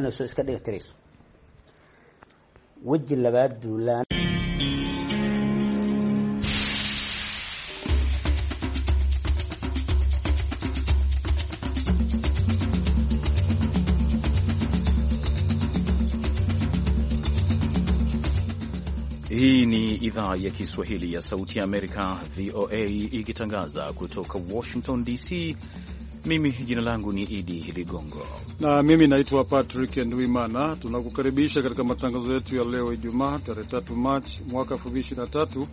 inuu iska weji labaad duulaan Hii ni idhaa ya Kiswahili ya Sauti ya Amerika, VOA, ikitangaza kutoka Washington DC. Mimi jina langu ni Idi Ligongo na mimi naitwa Patrick Ndwimana. Tunakukaribisha katika matangazo yetu ya leo Ijumaa, tarehe 3 Machi mwaka 2023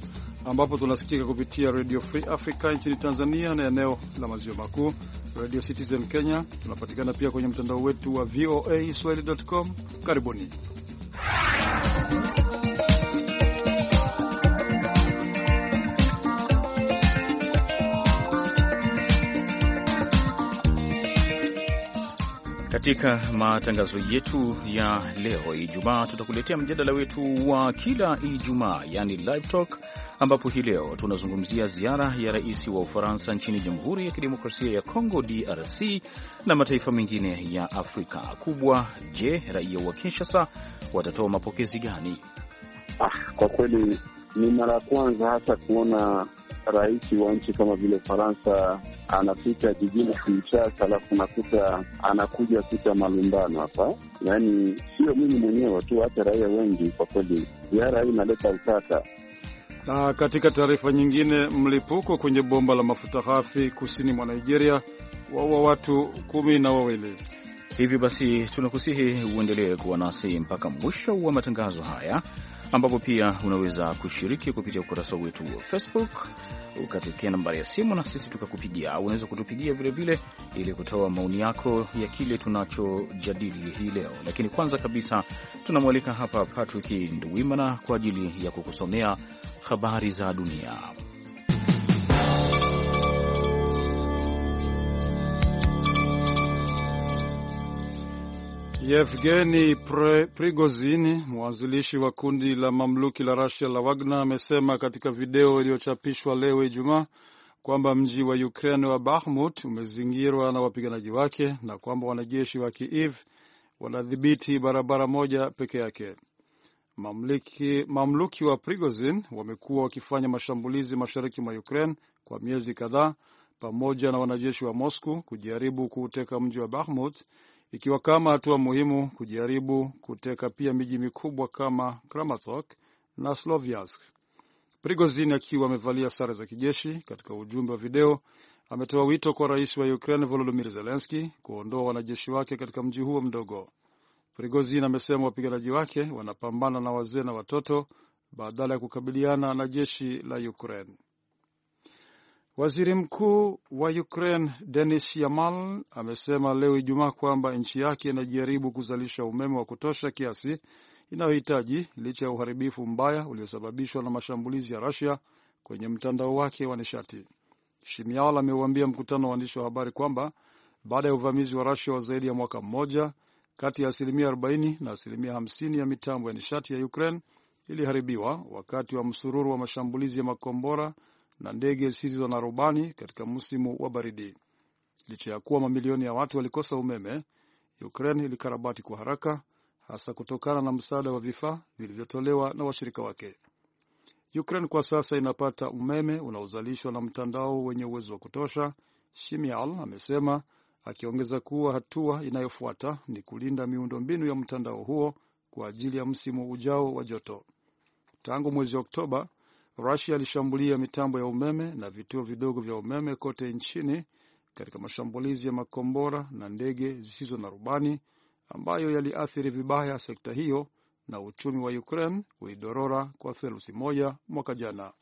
ambapo tunasikika kupitia Radio Free Africa nchini Tanzania na eneo la maziwa makuu, Radio Citizen Kenya. Tunapatikana pia kwenye mtandao wetu wa VOA Swahili.com. Karibuni Katika matangazo yetu ya leo Ijumaa, tutakuletea mjadala wetu wa kila Ijumaa, yani live talk, ambapo hii leo tunazungumzia ziara ya rais wa Ufaransa nchini Jamhuri ya Kidemokrasia ya Kongo, DRC, na mataifa mengine ya Afrika kubwa. Je, raia wa Kinshasa watatoa mapokezi gani? Ah, kwa kweli ni mara ya kwanza hasa kuona rais wa nchi kama vile Ufaransa anapita jijini Kinshasa, alafu nakuta anakuja kuta malumbano hapa. Yaani sio mimi mwenyewe tu, hata raia wengi kwa kweli, ziara hii inaleta utata. Na katika taarifa nyingine, mlipuko kwenye bomba la mafuta ghafi kusini mwa Nigeria waua watu kumi na wawili. Hivyo basi tunakusihi uendelee kuwa nasi mpaka mwisho wa matangazo haya ambapo pia unaweza kushiriki kupitia ukurasa wetu wa Facebook ukatokea nambari ya simu na sisi tukakupigia, au unaweza kutupigia vilevile ili kutoa maoni yako ya kile tunachojadili hii leo. Lakini kwanza kabisa tunamwalika hapa Patrick Nduwimana kwa ajili ya kukusomea habari za dunia. Yevgeni Prigozini, mwanzilishi wa kundi la mamluki la Rusia la Wagner, amesema katika video iliyochapishwa leo Ijumaa kwamba mji wa Ukraine wa Bahmut umezingirwa na wapiganaji wake na kwamba wanajeshi wa Kiev wanadhibiti barabara moja peke yake. Mamluki, mamluki wa Prigozin wamekuwa wakifanya mashambulizi mashariki mwa Ukraine kwa miezi kadhaa pamoja na wanajeshi wa Moscow kujaribu kuuteka mji wa Bahmut ikiwa kama hatua muhimu kujaribu kuteka pia miji mikubwa kama Kramatorsk na Sloviansk. Prigozin akiwa amevalia sare za kijeshi, katika ujumbe wa video ametoa wito kwa rais wa Ukraine Volodymyr Zelensky kuondoa wanajeshi wake katika mji huo mdogo. Prigozin amesema wapiganaji wake wanapambana na wazee na watoto badala ya kukabiliana na jeshi la Ukraine. Waziri Mkuu wa Ukraine Denis Yamal amesema leo Ijumaa kwamba nchi yake inajaribu kuzalisha umeme wa kutosha kiasi inayohitaji licha ya uharibifu mbaya uliosababishwa na mashambulizi ya rasia kwenye mtandao wake wa nishati. Shimial ameuambia mkutano wa waandishi wa habari kwamba baada ya uvamizi wa rasia wa zaidi ya mwaka mmoja, kati ya asilimia 40 na asilimia 50 ya mitambo ya nishati ya Ukraine iliharibiwa wakati wa msururu wa mashambulizi ya makombora na ndege zisizo na rubani katika msimu wa baridi. Licha ya kuwa mamilioni ya watu walikosa umeme, Ukraine ilikarabati kwa haraka, hasa kutokana na msaada wa vifaa vilivyotolewa na washirika wake. Ukraine kwa sasa inapata umeme unaozalishwa na mtandao wenye uwezo wa kutosha, Shimial amesema, akiongeza kuwa hatua inayofuata ni kulinda miundombinu ya mtandao huo kwa ajili ya msimu ujao wa joto. Tangu mwezi Oktoba, Rusia ilishambulia mitambo ya umeme na vituo vidogo vya umeme kote nchini katika mashambulizi ya makombora na ndege zisizo na rubani ambayo yaliathiri vibaya sekta hiyo na uchumi wa Ukraine ulidorora kwa theluthi moja mwaka jana.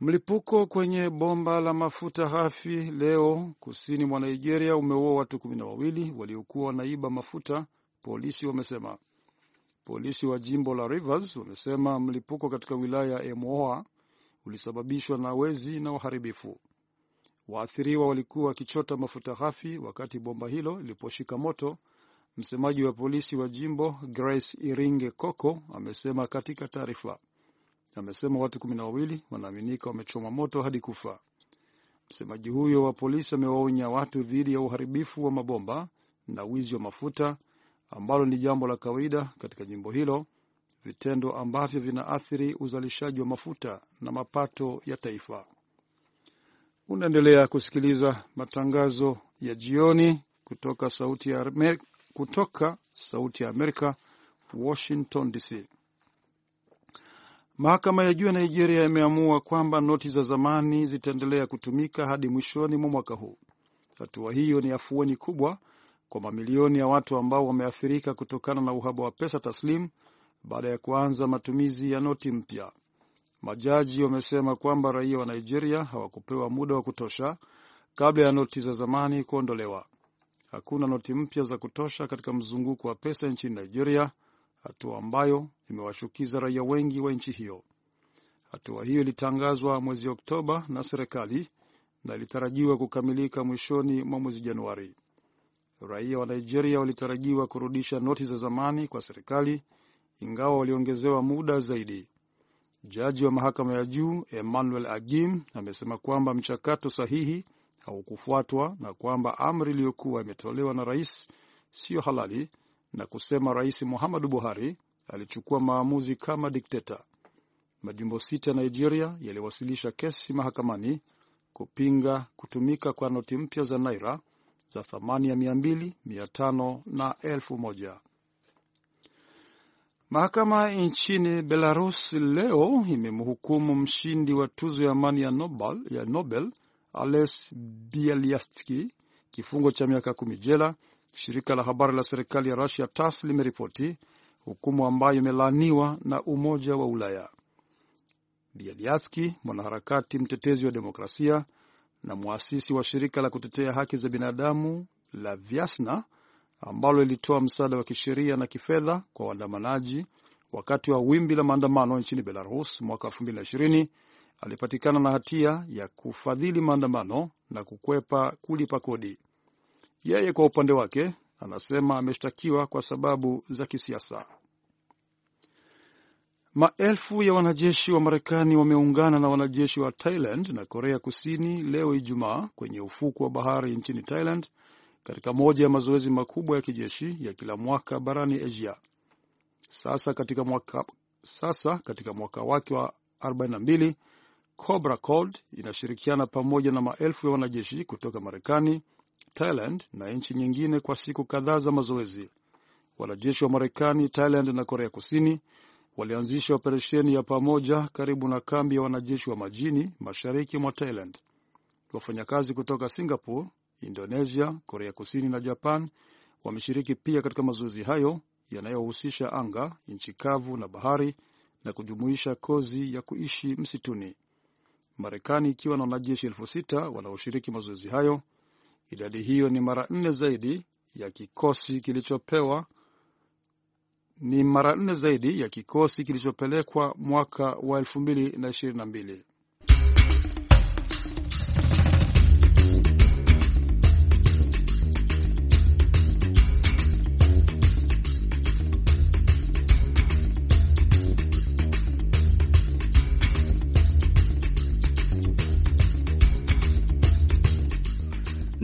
Mlipuko kwenye bomba la mafuta hafi leo kusini mwa Nigeria umeua watu kumi na wawili waliokuwa wanaiba mafuta, polisi wamesema. Polisi wa jimbo la Rivers wamesema mlipuko katika wilaya ya Emoa ulisababishwa na wezi na uharibifu. Waathiriwa walikuwa wakichota mafuta ghafi wakati bomba hilo liliposhika moto. Msemaji wa polisi wa jimbo Grace Iringe coco amesema katika taarifa. Amesema watu kumi na wawili wanaaminika wamechoma moto hadi kufa. Msemaji huyo wa polisi amewaonya watu dhidi ya uharibifu wa mabomba na wizi wa mafuta ambalo ni jambo la kawaida katika jimbo hilo, vitendo ambavyo vinaathiri uzalishaji wa mafuta na mapato ya taifa. Unaendelea kusikiliza matangazo ya jioni kutoka Sauti ya Amerika, kutoka Sauti ya Amerika, Washington DC. Mahakama ya juu ya Nigeria imeamua kwamba noti za zamani zitaendelea kutumika hadi mwishoni mwa mwaka huu. Hatua hiyo ni afueni kubwa kwa mamilioni ya watu ambao wameathirika kutokana na uhaba wa pesa taslimu baada ya kuanza matumizi ya noti mpya. Majaji wamesema kwamba raia wa Nigeria hawakupewa muda wa kutosha kabla ya noti za zamani kuondolewa. Hakuna noti mpya za kutosha katika mzunguko wa pesa nchini Nigeria, hatua ambayo imewashukiza raia wengi wa nchi hiyo. Hatua hiyo ilitangazwa mwezi Oktoba na serikali na ilitarajiwa kukamilika mwishoni mwa mwezi Januari. Raia wa Nigeria walitarajiwa kurudisha noti za zamani kwa serikali, ingawa waliongezewa muda zaidi. Jaji wa mahakama ya juu Emmanuel Agim amesema kwamba mchakato sahihi haukufuatwa na kwamba amri iliyokuwa imetolewa na rais siyo halali, na kusema Rais Muhammadu Buhari alichukua maamuzi kama dikteta. Majimbo sita ya Nigeria yaliwasilisha kesi mahakamani kupinga kutumika kwa noti mpya za naira za thamani ya mia mbili, mia tano na elfu moja. Mahakama nchini Belarus leo imemhukumu mshindi wa tuzo ya amani ya Nobel, ya Nobel Ales Bialiatski kifungo cha miaka kumi jela, shirika la habari la serikali ya Rusia TASS limeripoti, hukumu ambayo imelaaniwa na Umoja wa Ulaya. Bialiatski, mwanaharakati mtetezi wa demokrasia na mwasisi wa shirika la kutetea haki za binadamu la Viasna ambalo lilitoa msaada wa kisheria na kifedha kwa waandamanaji wakati wa wimbi la maandamano nchini Belarus mwaka 2020 alipatikana na hatia ya kufadhili maandamano na kukwepa kulipa kodi. Yeye kwa upande wake anasema ameshtakiwa kwa sababu za kisiasa. Maelfu ya wanajeshi wa Marekani wameungana na wanajeshi wa Thailand na Korea Kusini leo Ijumaa kwenye ufuku wa bahari nchini Thailand katika moja ya mazoezi makubwa ya kijeshi ya kila mwaka barani Asia. Sasa katika mwaka, sasa katika mwaka wake wa 42 Cobra Cold inashirikiana pamoja na maelfu ya wanajeshi kutoka Marekani, Thailand na nchi nyingine kwa siku kadhaa za mazoezi. Wanajeshi wa Marekani, Thailand na Korea Kusini walianzisha operesheni ya pamoja karibu na kambi ya wanajeshi wa majini mashariki mwa Thailand. Wafanyakazi kutoka Singapore, Indonesia, Korea Kusini na Japan wameshiriki pia katika mazoezi hayo yanayohusisha anga, nchi kavu na bahari na kujumuisha kozi ya kuishi msituni. Marekani ikiwa na wanajeshi elfu sita wanaoshiriki mazoezi hayo. Idadi hiyo ni mara nne zaidi ya kikosi kilichopewa ni mara nne zaidi ya kikosi kilichopelekwa mwaka wa mbili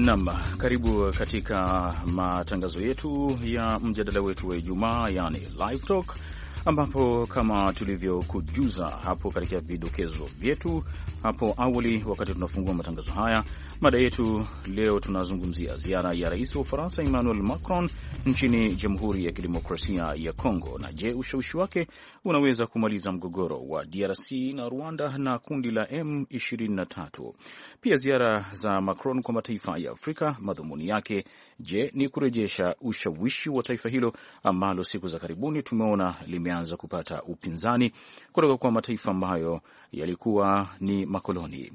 Nam, karibu katika matangazo yetu ya mjadala wetu wa Ijumaa, yani live talk, ambapo kama tulivyokujuza hapo katika vidokezo vyetu hapo awali, wakati tunafungua matangazo haya, mada yetu leo tunazungumzia ziara ya rais wa Ufaransa Emmanuel Macron nchini Jamhuri ya Kidemokrasia ya Kongo, na je, ushawishi wake unaweza kumaliza mgogoro wa DRC na Rwanda na kundi la M23? Pia ziara za Macron kwa mataifa ya Afrika madhumuni yake, je, ni kurejesha ushawishi wa taifa hilo ambalo siku za karibuni tumeona limeanza kupata upinzani kutoka kwa mataifa ambayo yalikuwa ni makoloni.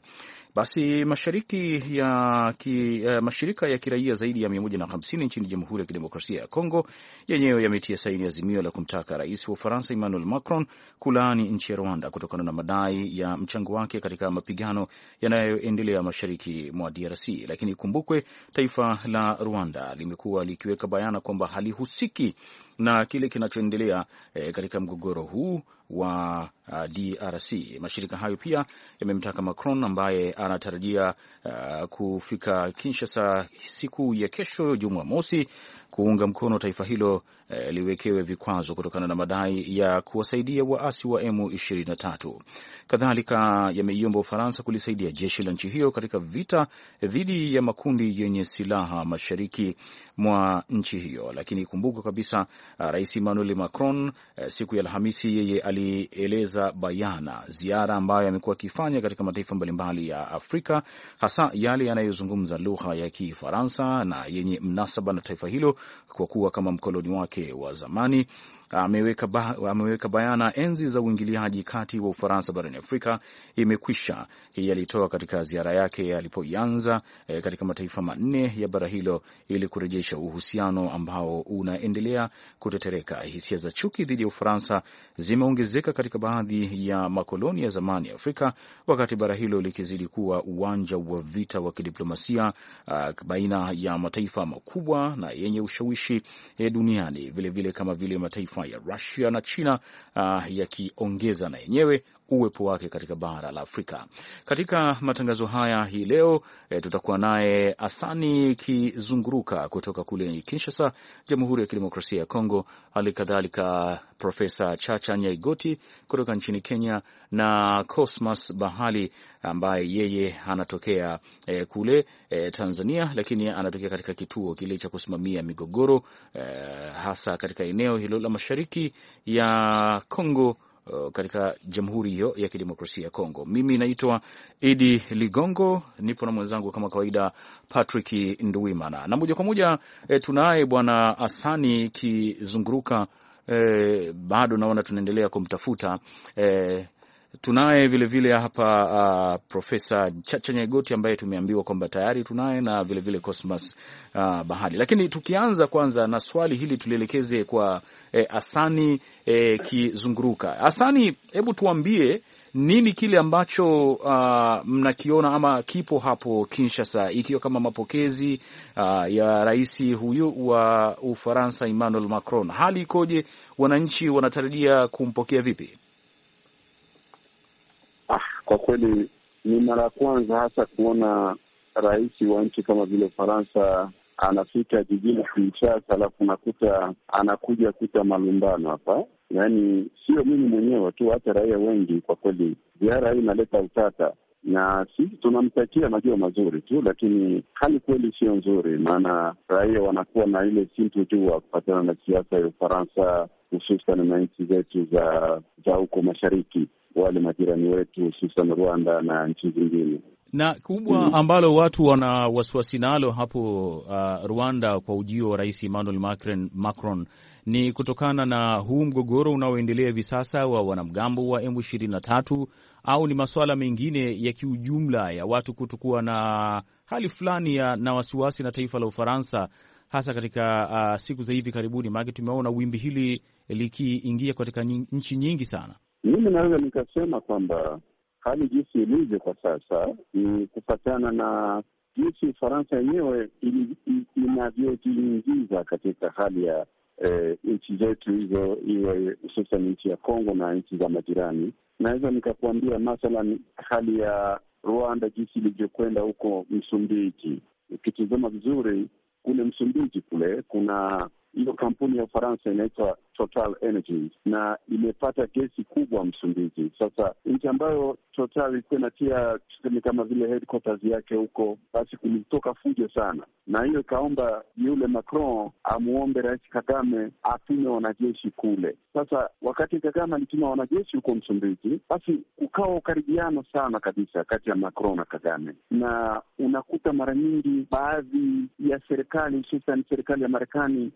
Basi mashariki ya ki, uh, mashirika ya kiraia zaidi ya 150 nchini Jamhuri ya Kidemokrasia ya Kongo yenyewe yametia saini azimio la kumtaka rais wa Ufaransa Emmanuel Macron kulaani nchi ya Rwanda kutokana na madai ya mchango wake katika mapigano yanayoendelea mashariki mwa DRC. Lakini ikumbukwe, taifa la Rwanda limekuwa likiweka bayana kwamba halihusiki na kile kinachoendelea eh, katika mgogoro huu wa uh, DRC. Mashirika hayo pia yamemtaka Macron ambaye anatarajia uh, kufika Kinshasa siku ya kesho Jumamosi kuunga mkono taifa hilo eh, liwekewe vikwazo kutokana na madai ya kuwasaidia waasi wa M23. Kadhalika yameiomba Ufaransa kulisaidia jeshi la nchi hiyo katika vita eh, dhidi ya makundi yenye silaha mashariki mwa nchi hiyo. Lakini ikumbuka kabisa, eh, Rais Emmanuel Macron eh, siku ya Alhamisi yeye alieleza bayana ziara ambayo amekuwa akifanya katika mataifa mbalimbali ya Afrika, hasa yale yanayozungumza lugha ya Kifaransa na yenye mnasaba na taifa hilo kwa kuwa kama mkoloni wake wa zamani. Ameweka, ba, ameweka bayana enzi za uingiliaji kati wa Ufaransa barani Afrika imekwisha hii alitoa katika ziara yake alipoianza e, katika mataifa manne ya bara hilo ili kurejesha uhusiano ambao unaendelea kutetereka. Hisia za chuki dhidi ya Ufaransa zimeongezeka katika baadhi ya makoloni ya zamani ya Afrika, wakati bara hilo likizidi kuwa uwanja wa vita wa kidiplomasia a, ah, baina ya mataifa makubwa na yenye ushawishi e, duniani vilevile vile kama vile mataifa ya Rusia na China ah, yakiongeza na yenyewe uwepo wake katika bara la Afrika. Katika matangazo haya hii leo e, tutakuwa naye Asani Kizunguruka kutoka kule Kinshasa, Jamhuri ya Kidemokrasia ya Kongo, hali kadhalika Profesa Chacha Nyaigoti kutoka nchini Kenya na Cosmas Bahali ambaye yeye anatokea e, kule e, Tanzania, lakini anatokea katika kituo kile cha kusimamia migogoro e, hasa katika eneo hilo la mashariki ya Kongo Uh, katika jamhuri hiyo ya kidemokrasia ya Kongo. Mimi naitwa Idi Ligongo, nipo na mwenzangu kama kawaida Patrick Nduwimana, na moja kwa moja e, tunaye bwana Asani Kizunguruka. E, bado naona tunaendelea kumtafuta e, Tunaye vilevile hapa uh, Profesa Chacha Nyegoti ambaye tumeambiwa kwamba tayari tunaye na vilevile vile Cosmas uh, Bahali. Lakini tukianza kwanza na swali hili tulielekeze kwa eh, Asani eh, Kizunguruka. Asani, hebu tuambie nini kile ambacho uh, mnakiona ama kipo hapo Kinshasa, ikiwa kama mapokezi uh, ya rais huyu wa Ufaransa Emmanuel Macron, hali ikoje? Wananchi wanatarajia kumpokea vipi? Ah, kwa kweli ni mara ya kwanza hasa kuona rais wa nchi kama vile Ufaransa anafika jijini Kinshasa alafu nakuta anakuja kuta malumbano hapa, yaani sio mimi mwenyewe tu, hata raia wengi. Kwa kweli ziara hii inaleta utata, na sisi tunamtakia majua mazuri tu, lakini hali kweli sio nzuri, maana raia wanakuwa na ile sintu jua kupatana na siasa ya Ufaransa, hususan na nchi zetu za za huko mashariki wale majirani wetu hususan Rwanda na nchi zingine na kubwa hmm. ambalo watu wana wasiwasi nalo hapo uh, Rwanda kwa ujio wa Rais Emmanuel Macron, Macron ni kutokana na huu mgogoro unaoendelea hivi sasa wa wanamgambo wa M23 au ni masuala mengine ya kiujumla ya watu kutokuwa na hali fulani ya na wasiwasi na taifa la Ufaransa hasa katika uh, siku za hivi karibuni, maanake tumeona wimbi hili likiingia katika nchi nyingi sana. Mimi naweza nikasema kwamba hali jinsi ilivyo kwa sasa ni kufatana na jinsi Ufaransa yenyewe inavyojiingiza katika hali ya eh, nchi zetu hizo, iwe hususan nchi ya Kongo na nchi za majirani. Naweza nikakuambia mathalan hali ya Rwanda jinsi ilivyokwenda huko Msumbiji. Ukitizama vizuri kule Msumbiji kule kuna hiyo kampuni ya Ufaransa inaitwa Total Energy na imepata gesi kubwa Msumbiji. Sasa nchi ambayo Total ilikuwa inatia tuseme kama vile headquarters yake huko, basi kulitoka fujo sana, na hiyo ikaomba yule Macron amwombe Rais Kagame atume wanajeshi kule. Sasa wakati Kagame alituma wanajeshi huko Msumbiji, basi ukawa ukaribiano sana kabisa kati ya Macron na Kagame, na unakuta mara nyingi baadhi ya serikali hususan serikali ya Marekani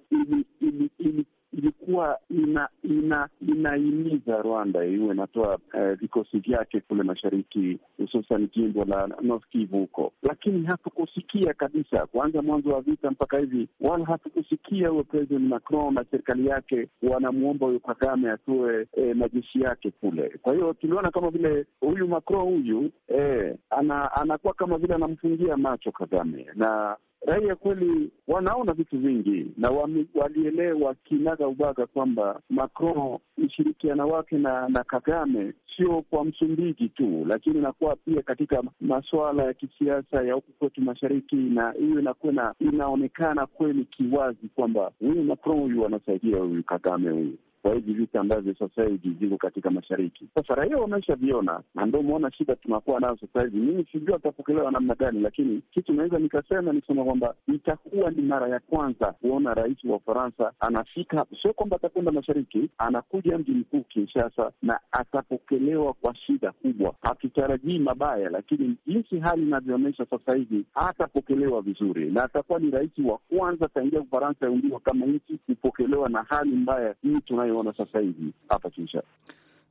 ilikuwa ina ina inahimiza Rwanda iwe inatoa eh, vikosi vyake kule mashariki, hususan jimbo la North Kivu huko, lakini hatukusikia kabisa, kuanza mwanzo wa vita mpaka hivi, wala hatukusikia huyo President Macron na serikali yake wanamwomba huyo Kagame atoe eh, majeshi yake kule. Kwa hiyo tuliona kama vile huyu Macron huyu e, ana- anakuwa kama vile anamfungia macho Kagame na raia kweli wanaona vitu vingi na walielewa kinaga ubaga kwamba Macron ushirikiano wake na na Kagame sio kwa Msumbiji tu, lakini inakuwa pia katika masuala ya kisiasa ya huku kwetu mashariki, na hiyo inakuwa inaonekana kweli kiwazi kwamba huyu Macron huyu anasaidia huyu Kagame huyu kwa hivi vita ambavyo sasa hivi viko katika mashariki. Sasa raia wameshaviona na ndio umeona shida tunakuwa nayo sasa hivi. Mimi sijui atapokelewa namna gani, lakini kitu naweza nikasema nisema kwamba itakuwa ni mara ya kwanza kuona rais wa Ufaransa anafika, sio kwamba atakwenda mashariki, anakuja mji mkuu Kinshasa na atapokelewa kwa shida kubwa. Hatutarajii mabaya, lakini jinsi hali inavyoonyesha sasa hivi hatapokelewa vizuri, na atakuwa ni rais wa kwanza ataingia Ufaransa yaundiwa kama nchi kupokelewa na hali mbaya hii tunayo tunayoona sasa hivi hapa Kinshasa.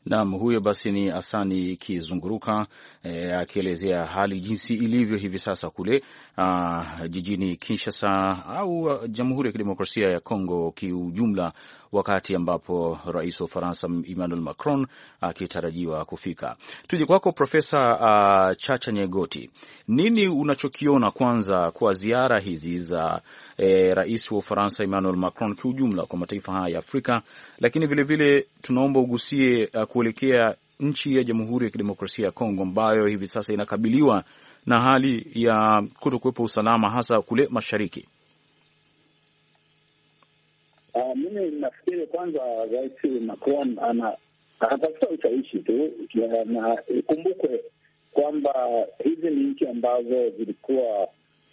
Naam, huyo basi ni Asani Kizunguruka eh, akielezea hali jinsi ilivyo hivi sasa kule a, ah, jijini Kinshasa au ah, Jamhuri ya Kidemokrasia ya Kongo kiujumla, wakati ambapo rais wa Ufaransa Emmanuel Macron akitarajiwa kufika. Tuje kwako Profesa uh, Chacha Nyegoti, nini unachokiona kwanza kwa ziara hizi za E, rais wa Ufaransa Emmanuel Macron kiujumla kwa mataifa haya ya Afrika, lakini vilevile tunaomba ugusie uh, kuelekea nchi ya Jamhuri ya Kidemokrasia ya Kongo ambayo hivi sasa inakabiliwa na hali ya kutokuwepo usalama hasa kule mashariki. Uh, mimi nafikiri kwanza Rais Macron ana anatafuta ushawishi tu, na ikumbukwe kwamba hizi ni nchi ambazo zilikuwa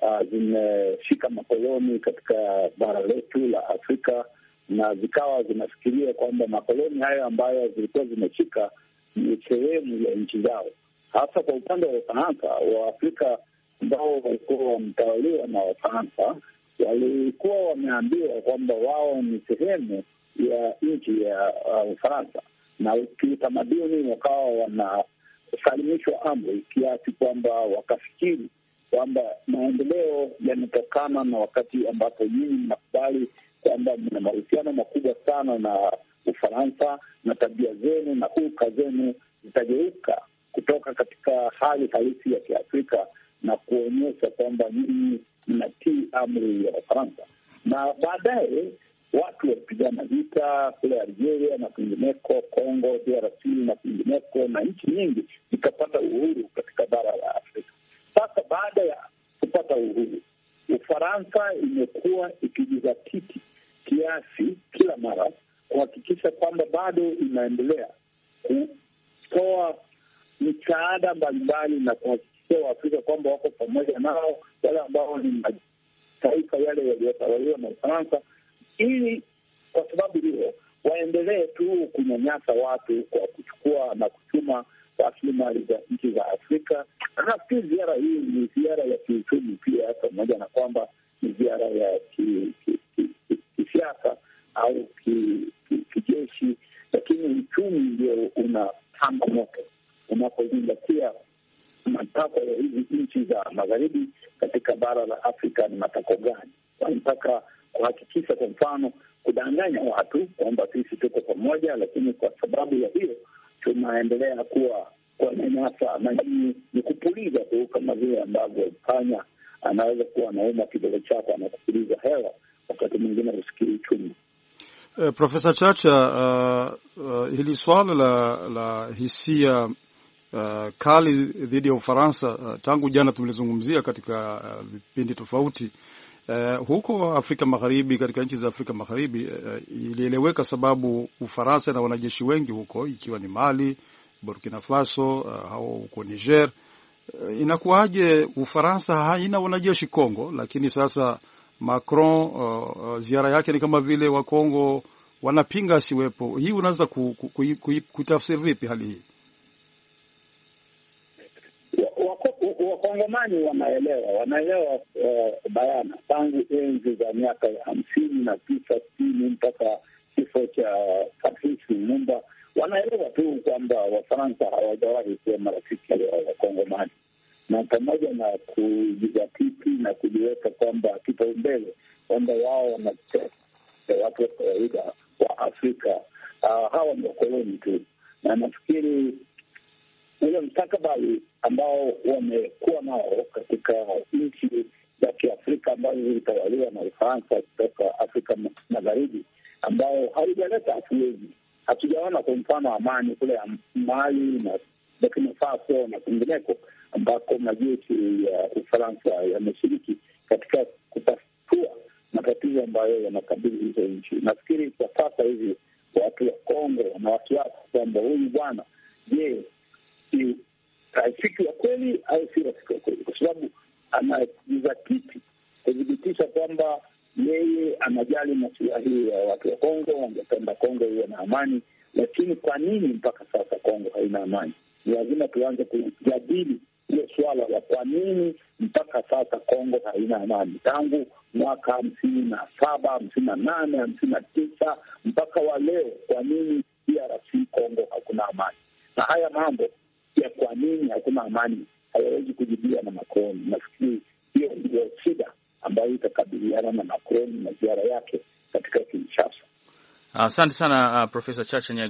uh, zimeshika makoloni katika bara letu la Afrika na zikawa zinafikiria kwamba makoloni hayo ambayo zilikuwa zimeshika ni sehemu ya nchi zao, hasa kwa upande wa Ufaransa. Waafrika ambao walikuwa wametawaliwa na Wafaransa walikuwa wameambiwa kwamba wao ni sehemu ya nchi ya uh, Ufaransa na kiutamaduni wakawa wanasalimishwa amri, kiasi kwamba wakafikiri kwamba maendeleo yanatokana na wakati ambapo nyinyi mnakubali kwamba mna mahusiano makubwa sana na Ufaransa na tabia zenu na hulka zenu zitageuka kutoka katika hali halisi ya Kiafrika na kuonyesha kwamba nyinyi mnatii amri ya Wafaransa, na baadaye watu walipigana vita kule Algeria na kwingineko, Congo DRC na kwingineko, na nchi nyingi zikapata uhuru katika bara la Afrika. Sasa baada ya kupata uhuru, Ufaransa imekuwa ikijizatiti kiasi kila mara kuhakikisha kwamba bado inaendelea kutoa misaada mbalimbali na kuhakikisha kuwahakikishia Waafrika kwamba wako pamoja nao wale ambao ni mataifa yale yaliyotawaliwa na Ufaransa, ili kwa sababu hiyo waendelee tu kunyanyasa watu kwa kuchukua na kuchuma rasilimali za nchi za Afrika. Na nafikiri ziara hii ni ziara ya kiuchumi pia, pamoja na kwamba ni ziara ya kisiasa au kijeshi, lakini uchumi ndio unapamba moto unapozingatia matakwa ya hizi nchi za magharibi katika bara la Afrika ni matakwa gani? Wanataka kuhakikisha, kwa mfano, kudanganya watu kwamba sisi tuko pamoja, lakini kwa sababu ya hiyo tunaendelea kuwa kuwanyanyasa, na hii ni kupuliza tu, kama vile ambavyo panya anaweza kuwa anauma kidole chako anakupuliza hewa, wakati mwingine husikii uchumi. Eh, Profesa Chacha, uh, uh, hili swala la, la hisia uh, kali dhidi ya Ufaransa uh, tangu jana tumelizungumzia katika uh, vipindi tofauti uh, huko Afrika Magharibi, katika nchi za Afrika Magharibi uh, uh ilieleweka sababu Ufaransa na wanajeshi wengi huko, ikiwa ni Mali, Burkina Faso uh, au huko Niger uh, inakuwaje Ufaransa haina wanajeshi Kongo? Lakini sasa Macron uh, uh ziara yake ni kama vile Wakongo wanapinga asiwepo. Hii unaweza kutafsiri ku, ku, ku, vipi hali hii? Wakongomani wanaelewa, wanaelewa uh, bayana tangu enzi za miaka ya hamsini na tisa sitini mpaka kifo cha Patrisi Lumumba, wanaelewa tu kwamba Wafaransa hawajawahi kuwa marafiki wa Wakongomani, na pamoja na kujizatiti na kujiweka kwamba kipaumbele kwamba wao wanatesa watu wa kawaida wa Afrika, uh, hawa ni wakoloni tu, na nafikiri ule mstakabali ambao wamekuwa nao katika nchi za Kiafrika ambazo zilitawaliwa na Ufaransa kutoka Afrika Magharibi, ambao haijaleta afueni. Hatujaona kwa mfano amani kule Mali na Burkina Faso na kwingineko ambako majeshi ya Ufaransa yameshiriki katika kutatua matatizo ambayo yanakabili hizo nchi. Nafikiri kwa sasa hivi watu wa Kongo wana wasiwasi kwamba huyu bwana, je, si rafiki wa kweli au si rafiki wa kweli, kwa sababu anajizatiti kuthibitisha kwamba yeye anajali masilahi ya watu wa Kongo, angependa Kongo iwe na amani. Lakini kwa nini mpaka sasa Kongo haina amani? Ni lazima tuanze kujadili hiyo suala la kwa nini mpaka sasa Kongo haina amani tangu mwaka hamsini na saba hamsini na nane hamsini na tisa mpaka wa leo. Kwa nini DRC Kongo hakuna amani? Na haya mambo ya kwa nini hakuna amani hayawezi kujibiwa na Macron. Nafikiri hiyo ndio shida ambayo itakabiliana na Macron na ziara yake katika Kinshasa. Asante sana uh, Profesa Chacha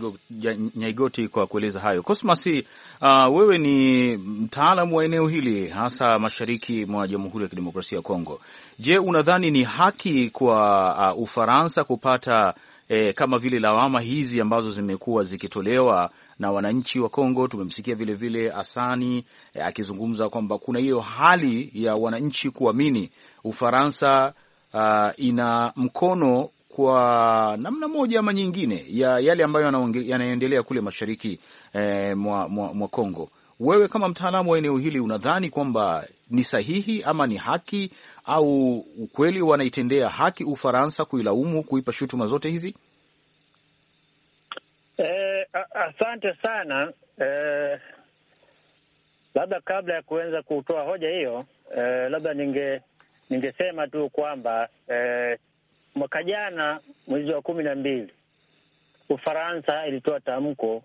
Nyaigoti kwa kueleza hayo. Cosmas, uh, wewe ni mtaalamu wa eneo hili hasa mashariki mwa Jamhuri ya Kidemokrasia ya Kongo. Je, unadhani ni haki kwa uh, Ufaransa kupata eh, kama vile lawama hizi ambazo zimekuwa zikitolewa na wananchi wa Kongo. Tumemsikia vilevile Asani eh, akizungumza kwamba kuna hiyo hali ya wananchi kuamini Ufaransa uh, ina mkono kwa namna moja ama nyingine ya yale ambayo yanaendelea kule mashariki eh, mwa, mwa, mwa Kongo. Wewe kama mtaalamu wa eneo hili unadhani kwamba ni sahihi ama ni haki au ukweli wanaitendea haki Ufaransa kuilaumu, kuipa shutuma zote hizi? Asante sana eh, labda kabla ya kuweza kutoa hoja hiyo eh, labda ninge ningesema tu kwamba eh, mwaka jana mwezi wa kumi na mbili Ufaransa ilitoa tamko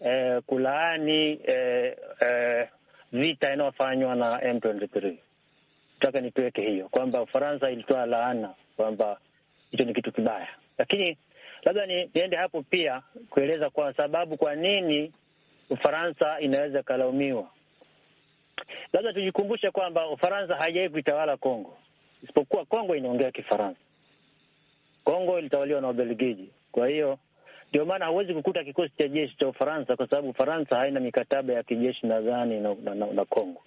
eh, kulaani eh, eh, vita inayofanywa na M23. Nataka nituweke hiyo kwamba Ufaransa ilitoa laana kwamba hicho ni kitu kibaya, lakini Labda ni, niende hapo pia kueleza kwa sababu kwa nini Ufaransa inaweza ikalaumiwa. Labda tujikumbushe kwamba Ufaransa haijawahi kuitawala Kongo, isipokuwa Kongo inaongea Kifaransa. Kongo ilitawaliwa na Ubelgiji, kwa hiyo ndio maana hauwezi kukuta kikosi cha jeshi cha Ufaransa kwa sababu Ufaransa haina mikataba ya kijeshi nadhani na, na, na, na Kongo.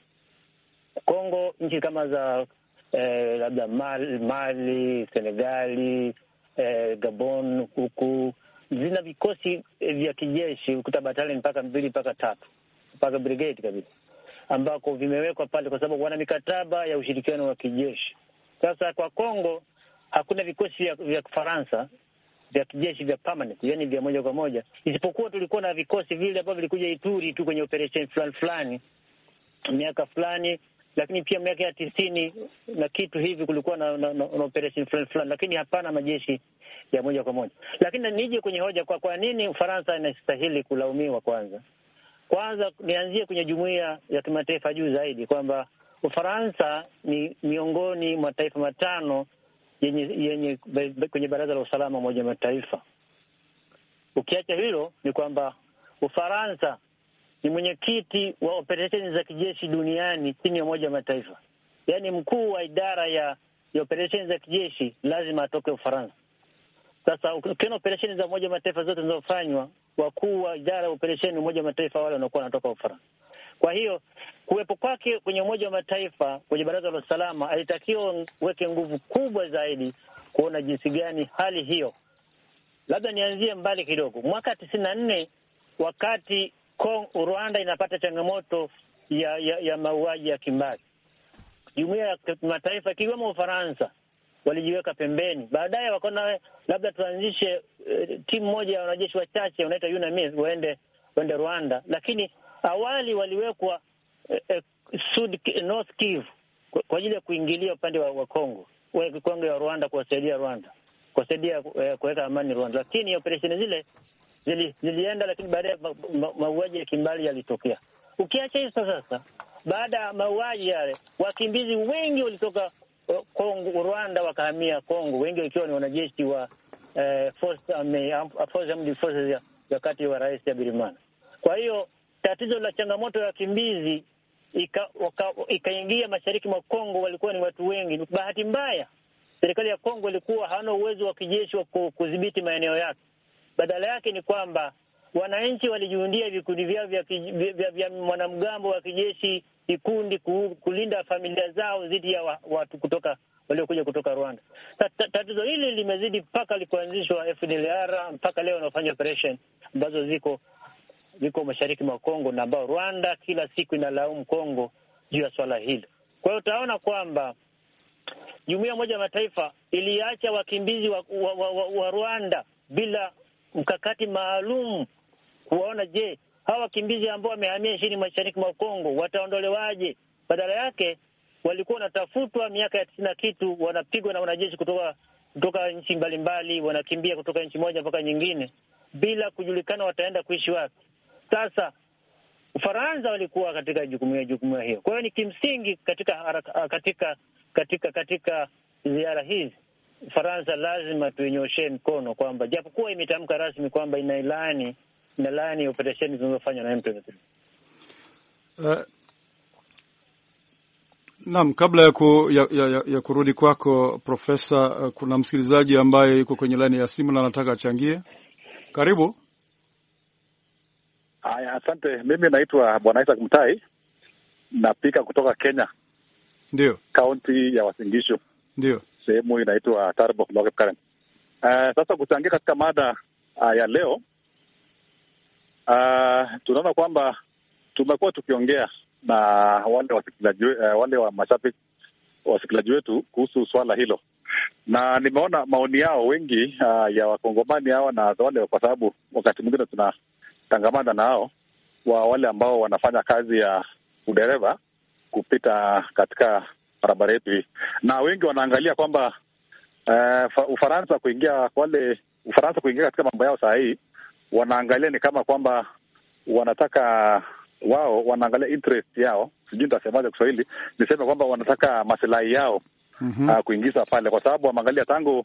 Kongo nchi kama za eh, labda Mali, Mali, Senegali, eh, Gabon huku zina vikosi eh, vya kijeshi ukuta batalion mpaka mbili mpaka tatu mpaka brigade kabisa, ambako vimewekwa pale kwa sababu wana mikataba ya ushirikiano wa kijeshi. Sasa kwa Kongo hakuna vikosi vya, vya Faransa vya kijeshi vya permanent, yani vya moja kwa moja, isipokuwa tulikuwa na vikosi vile ambavyo vilikuja Ituri tu kwenye operation fulani fulani miaka fulani lakini pia miaka ya tisini na kitu hivi kulikuwa na, na, na, na operesheni fulani fulani, lakini hapana majeshi ya moja kwa moja. Lakini nije kwenye hoja kwa kwa nini Ufaransa inastahili kulaumiwa. Kwanza kwanza nianzie kwenye jumuiya ya kimataifa juu zaidi kwamba Ufaransa ni miongoni mwa taifa matano yenye, yenye kwenye Baraza la Usalama Umoja Mataifa. Ukiacha hilo ni kwamba Ufaransa ni mwenyekiti wa operesheni za kijeshi duniani chini ya Umoja wa Mataifa. Yaani mkuu wa idara ya, ya operesheni za kijeshi lazima atoke Ufaransa. Sasa ukiona operesheni za Umoja wa Mataifa zote zinazofanywa, wakuu wa idara ya operesheni Umoja wa Mataifa wale wanakuwa wanatoka Ufaransa. Kwa hiyo kuwepo kwake kwenye Umoja wa Mataifa kwenye Baraza la Usalama, alitakiwa weke nguvu kubwa zaidi kuona jinsi gani hali hiyo. Labda nianzie mbali kidogo, mwaka tisini na nne wakati Rwanda inapata changamoto ya ya, ya mauaji ya kimbari. Jumuiya ya kimataifa ikiwemo Ufaransa walijiweka pembeni, baadaye wakaona labda tuanzishe eh, timu moja ya wanajeshi wachache unaitwa UNAMIS waende waende Rwanda, lakini awali waliwekwa eh, eh, Sud North Kivu kwa ajili ya kuingilia upande wa, wa Kongo Kongo ya Rwanda kuwasaidia Rwanda kuwasaidia eh, kuweka amani Rwanda, lakini operesheni zile zili, zilienda, lakini baadaye mauaji ya kimbali yalitokea. Ukiacha hizo sasa, baada ya mauaji yale, wakimbizi wengi walitoka uh, Kongo, Rwanda wakahamia Kongo, wengi wakiwa ni wanajeshi wa eh, forces ya, ya wa Rais Habyarimana. Kwa hiyo tatizo la changamoto ya wakimbizi ikaingia mashariki mwa Kongo, walikuwa ni watu wengi. Bahati mbaya, serikali ya Kongo ilikuwa hawana uwezo wa kijeshi wa kudhibiti maeneo yake, badala yake ni kwamba wananchi walijiundia vikundi vyao vya, vya, vya, vya mwanamgambo wa kijeshi, vikundi kulinda familia zao dhidi ya wa, watu kutoka waliokuja kutoka Rwanda. Tatizo hili limezidi mpaka likuanzishwa FDLR mpaka leo wanaofanya operation ambazo ziko ziko mashariki mwa Kongo na ambao Rwanda kila siku inalaumu Kongo juu ya swala hilo. Kwa hiyo utaona kwamba jumuiya ya Umoja wa Mataifa iliacha wakimbizi wa, wa, wa, wa, wa Rwanda bila mkakati maalum kuwaona, je, hawa wakimbizi ambao wamehamia nchini mashariki mwa Kongo wataondolewaje? Badala yake walikuwa wanatafutwa miaka ya tisini na kitu, wanapigwa na wanajeshi kutoka kutoka nchi mbalimbali, wanakimbia kutoka nchi moja mpaka nyingine bila kujulikana wataenda kuishi wapi. Sasa Ufaransa walikuwa katika jukumu ya jukumu hiyo. Kwa hiyo ni kimsingi katika katika katika katika ziara hizi Faransa lazima tuinyoshee mkono kwamba japokuwa imetamka rasmi kwamba inailaani inalaani operesheni zinazofanywa na M23. Uh, naam, kabla ya, ku, ya, ya, ya kurudi kwako Profesa, uh, kuna msikilizaji ambaye yuko kwenye laini ya simu na anataka achangie. Karibu. Haya, asante. Mimi naitwa Bwana Isaac Mtai, napika kutoka Kenya, ndio kaunti ya wasingisho ndio sehemu inaitwa Tarbo of Uh, sasa kuchangia katika mada uh, ya leo uh, tunaona kwamba tumekuwa tukiongea na wale wasikilizaji uh, wale wa mashabiki wasikilizaji wetu kuhusu swala hilo, na nimeona maoni yao wengi uh, ya wakongomani hawa na wale, kwa sababu wakati mwingine tunatangamana na hao wa wale ambao wanafanya kazi ya udereva kupita katika barabara yetu hii, na wengi wanaangalia kwamba uh, Ufaransa kuingia wale Ufaransa kuingia katika mambo yao saa hii wanaangalia ni kama kwamba wanataka wao, wanaangalia interest yao, sijui nitasemaje Kiswahili, niseme kwamba wanataka masilahi yao mm -hmm. uh, kuingiza pale, kwa sababu wameangalia tangu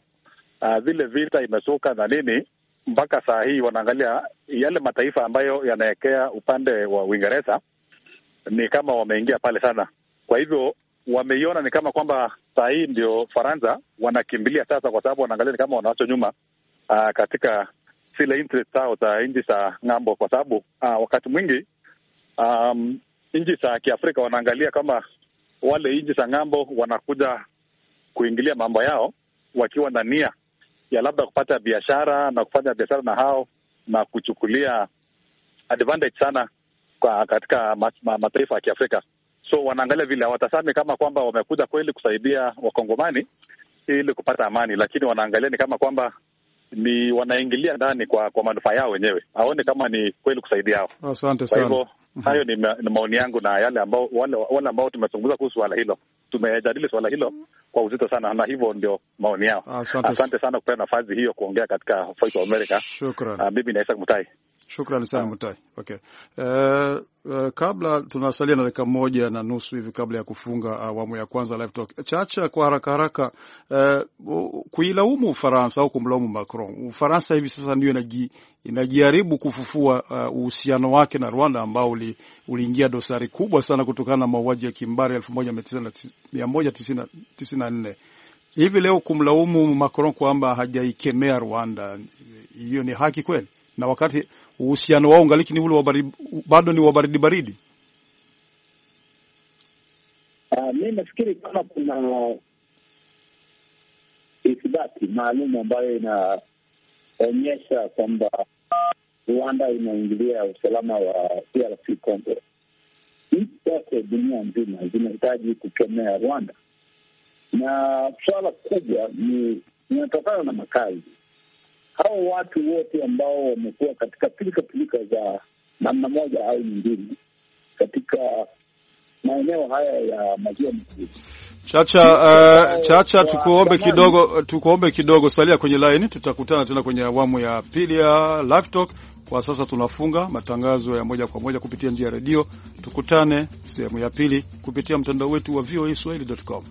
uh, vile vita imesuka na nini mpaka saa hii wanaangalia yale mataifa ambayo yanaekea upande wa Uingereza ni kama wameingia pale sana. Kwa hivyo wameiona ni kama kwamba saa hii ndio Faransa wanakimbilia sasa, kwa sababu wanaangalia ni kama wanawachwa nyuma uh, katika zile interest zao za nchi za ng'ambo, kwa sababu uh, wakati mwingi um, nchi za Kiafrika wanaangalia kama wale nchi za ng'ambo wanakuja kuingilia mambo yao wakiwa na nia ya labda kupata biashara na kufanya biashara na hao na kuchukulia advantage sana kwa katika mataifa ya Kiafrika. So wanaangalia vile, hawatasami kama kwamba wamekuja kweli kusaidia wakongomani ili kupata amani, lakini wanaangalia ni kama kwamba ni wanaingilia ndani kwa kwa manufaa yao wenyewe, aone kama ni kweli kusaidia hao. Asante sana. Kwa hivyo mhm. hayo ni, ma, ni maoni yangu na yale ambao wale, wale ambao tumezungumza kuhusu swala hilo, tumejadili swala hilo kwa uzito sana, na hivyo ndio maoni yao. Asante, asante sana kupewa nafasi hiyo kuongea katika Voice of America. Ah, mimi ni Isaac Mutai. Shukran sana Mutai. Okay. Uh, uh, kabla tunasalia na dakika moja na nusu hivi kabla ya kufunga ah, awamu ya kwanza live talk. Chacha, kwa haraka haraka, uh, kuilaumu Ufaransa au kumlaumu Macron. Ufaransa hivi sasa ndio inaji, inajaribu kufufua uhusiano wake na Rwanda ambao uli, uliingia dosari kubwa sana kutokana na mauaji ya kimbari 1994. Hivi leo kumlaumu Macron kwamba hajaikemea Rwanda, hiyo ni haki kweli? Na wakati uhusiano wao ungaliki ni ule wa bado ni wa baridi baridi? Uh, ah, mi nafikiri kama kuna ithibati maalum ambayo inaonyesha kwamba Rwanda inaingilia usalama wa DRC Congo, nchi zote dunia nzima zinahitaji kukemea Rwanda, na swala kubwa ni inatokana na makazi hao watu wote ambao wamekuwa katika pilikapilika za namna moja au nyingine katika maeneo haya ya maziwa makuu. Chacha, uh, Chacha, tukuombe kidogo, tukuombe kidogo, salia kwenye line, Tutakutana tena kwenye awamu ya pili ya Live Talk. Kwa sasa tunafunga matangazo ya moja kwa moja kupitia njia ya redio. Tukutane sehemu ya pili kupitia mtandao wetu wa voaswahili.com.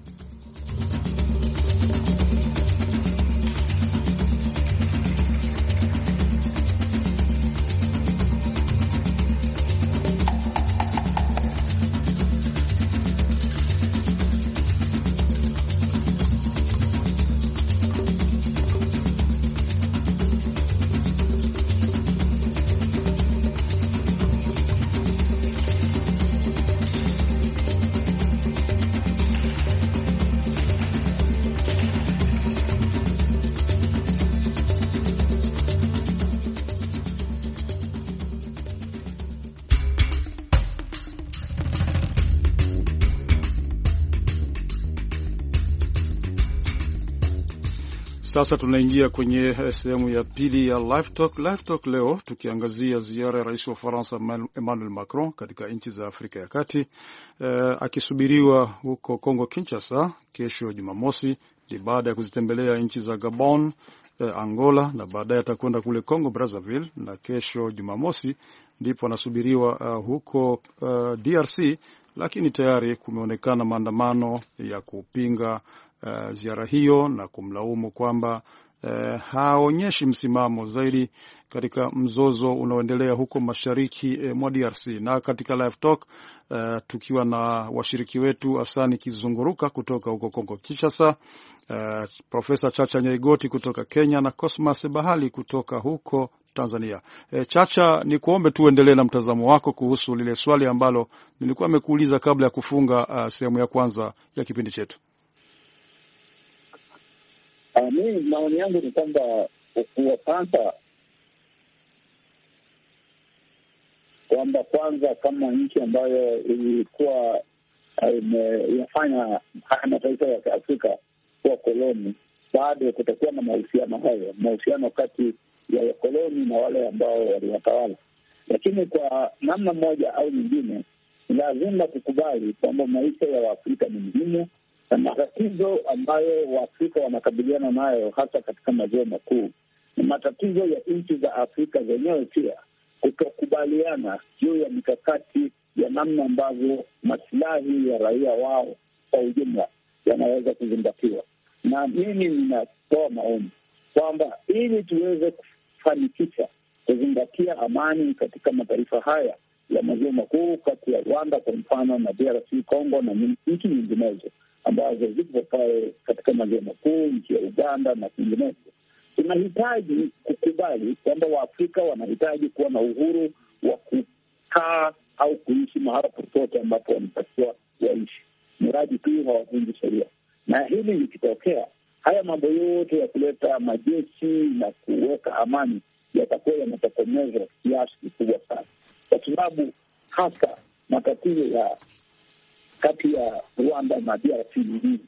Sasa tunaingia kwenye eh, sehemu ya pili ya Live Talk. Live Talk leo tukiangazia ziara ya rais wa Faransa Emmanuel Macron katika nchi za Afrika ya Kati, eh, akisubiriwa huko Congo Kinshasa kesho Jumamosi. Ni baada ya kuzitembelea nchi za Gabon, eh, Angola na baadaye atakwenda kule Congo Brazzaville, na kesho Jumamosi ndipo anasubiriwa uh, huko uh, eh, DRC, lakini tayari kumeonekana maandamano ya kupinga uh, ziara hiyo na kumlaumu kwamba uh, haonyeshi msimamo zaidi katika mzozo unaoendelea huko mashariki eh, mwa DRC. Na katika live talk uh, tukiwa na washiriki wetu Asani Kizunguruka kutoka huko Kongo Kinshasa, uh, Profesa Chacha Nyaigoti kutoka Kenya na Cosmas Bahali kutoka huko Tanzania. E, Chacha, ni kuombe tu uendelee na mtazamo wako kuhusu lile swali ambalo nilikuwa amekuuliza kabla ya kufunga uh, sehemu ya kwanza ya kipindi chetu. Ah, Mi maoni yangu ni kwamba kuwa kwamba kwanza, kama nchi ambayo ilikuwa ah, imeyafanya haya mataifa ya kiafrika kuwa koloni, bado kutakuwa na mahusiano hayo, mahusiano kati ya wakoloni na wale ambao waliwatawala. Lakini kwa namna moja au nyingine, lazima kukubali kwamba maisha ya Waafrika ni muhimu matatizo ambayo Waafrika wanakabiliana nayo hasa katika maziwa makuu ni matatizo ya nchi za Afrika zenyewe pia kutokubaliana juu ya mikakati ya namna ambavyo masilahi ya raia wao kwa ujumla yanaweza kuzingatiwa. Na mimi ninatoa maoni kwamba ili tuweze kufanikisha kuzingatia amani katika mataifa haya ya maziwa makuu kati ya Rwanda kwa mfano na DRC Congo na nchi nyinginezo, ambazo zipo pale katika maziwa makuu, nchi ya Uganda na kwingineko. Tunahitaji kukubali kwamba Waafrika wanahitaji kuwa na uhuru wa kukaa au kuishi mahala popote ambapo wanatakiwa waishi, mradi tu hawavunji sheria. Na hili likitokea, haya mambo yote ya kuleta majeshi na kuweka amani yatakuwa yanatokomezwa kiasi kikubwa sana, kwa sababu hasa matatizo ya kati ya Rwanda na DRC ni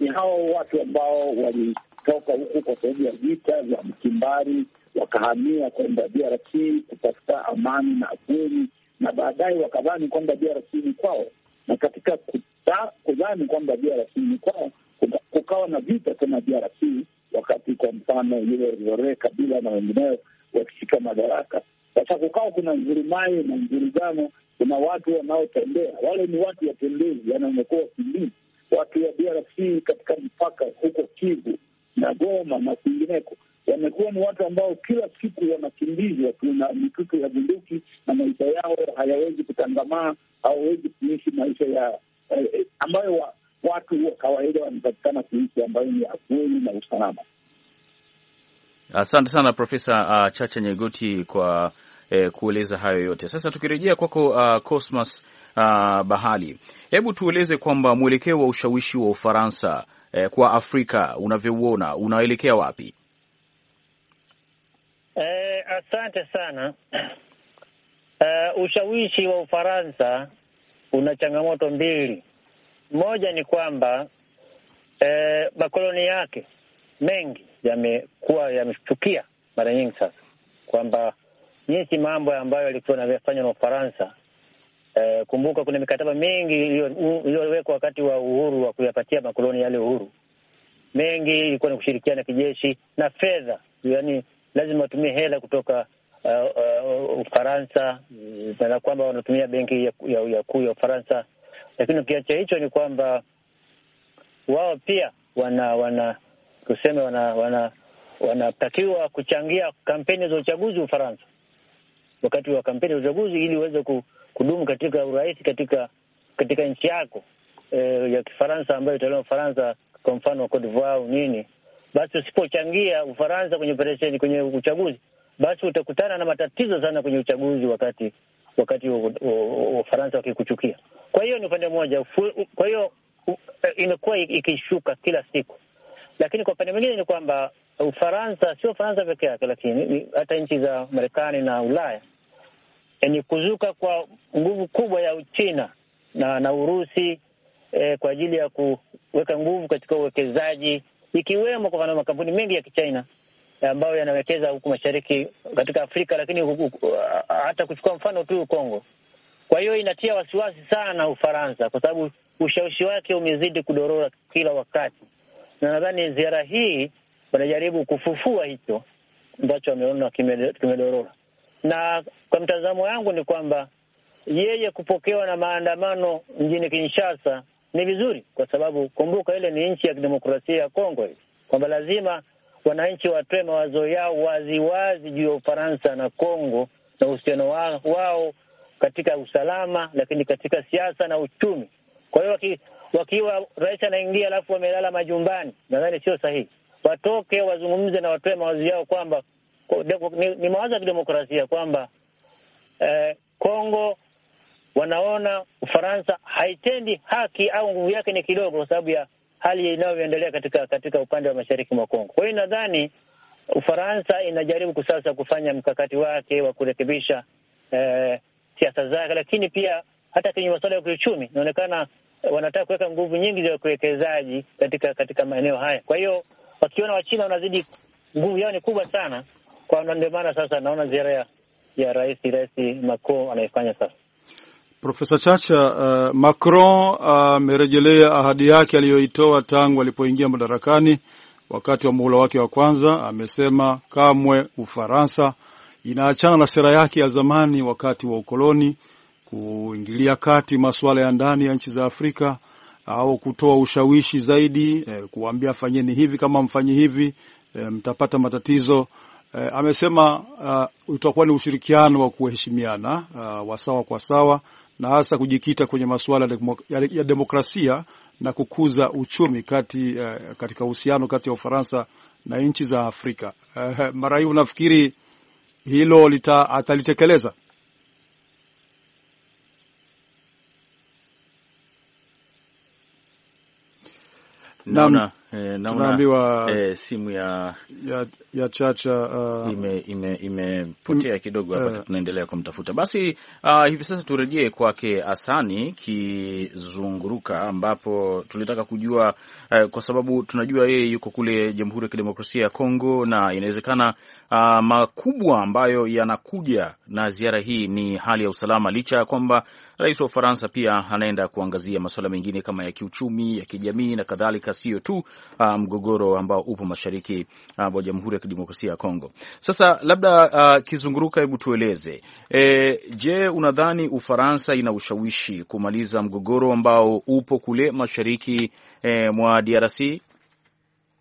ni hao watu ambao walitoka huku kwa sababu ya vita vya mkimbari, wakahamia kwenda DRC kutafuta amani na afueni, na baadaye wakadhani kwamba DRC ni kwao, na katika kudhani kwamba DRC ni kwao kukawa na vita tena DRC, wakati kwa mfano yule Laurent Kabila na wengineo wakishika madaraka. Sasa kukawa kuna ngurumai na ngurugano kuna watu wanaotembea, wale ni watu watembezi, yani wamekuwa wakimbizi, watu wa DRC katika mpaka huko Kivu na Goma na kwingineko, wamekuwa ni watu ambao kila siku wanakimbizwa tu na mitutu ya bunduki, na maisha yao hayawezi kutangamaa, hawawezi kuishi maisha ya eh, eh ambayo wa, watu wa kawaida wanapatikana kuishi, ambayo ni ya na usalama. Asante sana Profesa uh, Chacha Nyegoti kwa eh, kueleza hayo yote. Sasa tukirejea kwako uh, Cosmas uh, Bahali, hebu tueleze kwamba mwelekeo wa ushawishi wa Ufaransa eh, kwa Afrika unavyouona unaelekea wapi? Eh, asante sana. Uh, ushawishi wa Ufaransa una changamoto mbili. Moja ni kwamba eh, makoloni yake mengi yamekuwa yamechukia mara nyingi sasa kwamba jinsi mambo ambayo yalikuwa yanafanywa na Ufaransa. Eh, kumbuka kuna mikataba mingi iliyowekwa wakati wa uhuru wa kuyapatia makoloni yale uhuru. Mengi ilikuwa ni kushirikiana kijeshi na fedha, yaani lazima watumie hela kutoka eh, eh, Ufaransa uh, uh, uh, na kwamba wanatumia benki ya, ya, ya kuu ya Ufaransa. Lakini ukiacha hicho ni kwamba wao pia wana wana tuseme, wanatakiwa wana, wana kuchangia kampeni za uchaguzi Ufaransa wakati wa kampeni ya uchaguzi, ili uweze kudumu katika urais katika katika nchi yako e, ya Kifaransa ambayo italiwa Ufaransa kwa mfano wa Cote d'Ivoire nini, basi usipochangia Ufaransa kwenye operesheni kwenye uchaguzi, basi utakutana na matatizo sana kwenye uchaguzi wakati wakati Wafaransa wakikuchukia. Kwa hiyo ni upande mmoja, kwa hiyo e, imekuwa ikishuka kila siku, lakini kwa upande mwingine ni kwamba Ufaransa sio Ufaransa peke yake, lakini hata nchi za Marekani na Ulaya ni kuzuka kwa nguvu kubwa ya Uchina na, na Urusi eh, kwa ajili ya kuweka nguvu katika uwekezaji ikiwemo kwa makampuni mengi ya Kichina eh, ambayo yanawekeza huku mashariki katika Afrika, lakini huku, uh, hata kuchukua mfano tu Kongo. Kwa hiyo inatia wasiwasi sana Ufaransa kwa sababu ushawishi wake umezidi kudorora kila wakati, na nadhani ziara hii wanajaribu kufufua hicho ambacho wameona kimedorora na kwa mtazamo wangu ni kwamba yeye kupokewa na maandamano mjini Kinshasa ni vizuri, kwa sababu kumbuka, ile ni nchi ya kidemokrasia ya Kongo, hii kwamba lazima wananchi watoe mawazo yao waziwazi juu ya Ufaransa na Kongo na uhusiano wao, katika usalama, lakini katika siasa na uchumi. Kwa hiyo waki, wakiwa rais anaingia alafu wamelala majumbani, nadhani sio sahihi. Watoke wazungumze na watoe mawazo yao kwamba ni, ni mawazo ya kidemokrasia kwamba eh, Kongo wanaona Ufaransa haitendi haki au nguvu yake ni kidogo, kwa sababu ya hali inayoendelea katika katika upande wa mashariki mwa Kongo. Kwa hiyo nadhani Ufaransa inajaribu sasa kufanya mkakati wake wa kurekebisha eh, siasa zake, lakini pia hata kwenye masuala ya kiuchumi inaonekana wanataka kuweka nguvu nyingi za kuwekezaji katika katika maeneo haya. Kwa hiyo wakiona Wachina wanazidi nguvu yao ni kubwa sana, kwa ndio maana sasa naona ziara ya, ya rais rais Macron anaifanya sasa. Profesa Chacha, uh, Macron amerejelea uh, ahadi yake aliyoitoa tangu alipoingia madarakani wakati wa muhula wake wa kwanza. Amesema kamwe Ufaransa inaachana na sera yake ya zamani wakati wa ukoloni, kuingilia kati masuala ya ndani ya nchi za Afrika au kutoa ushawishi zaidi, eh, kuambia fanyeni hivi kama mfanyi hivi eh, mtapata matatizo eh, amesema uh, utakuwa ni ushirikiano wa kuheshimiana uh, wa sawa kwa sawa na hasa kujikita kwenye masuala ya demokrasia na kukuza uchumi kati, uh, katika uhusiano kati ya Ufaransa na nchi za Afrika. Uh, mara hii unafikiri hilo lita, atalitekeleza? Naona E, tunaambiwa e, simu ya ya, ya Chacha uh, ime ime, ime kidogo hapa uh, tunaendelea kumtafuta basi. Uh, hivi sasa turejee kwake Asani Kizunguruka ambapo tulitaka kujua uh, kwa sababu tunajua yeye yuko kule Jamhuri ya Kidemokrasia ya Kongo na inawezekana uh, makubwa ambayo yanakuja na ziara hii ni hali ya usalama, licha ya kwamba rais wa Ufaransa pia anaenda kuangazia masuala mengine kama ya kiuchumi, ya kijamii na kadhalika, sio tu uh, mgogoro ambao upo mashariki uh, mwa Jamhuri ya Kidemokrasia ya Kongo. Sasa labda uh, Kizunguruka, hebu tueleze e, je, unadhani Ufaransa ina ushawishi kumaliza mgogoro ambao upo kule mashariki e, mwa DRC?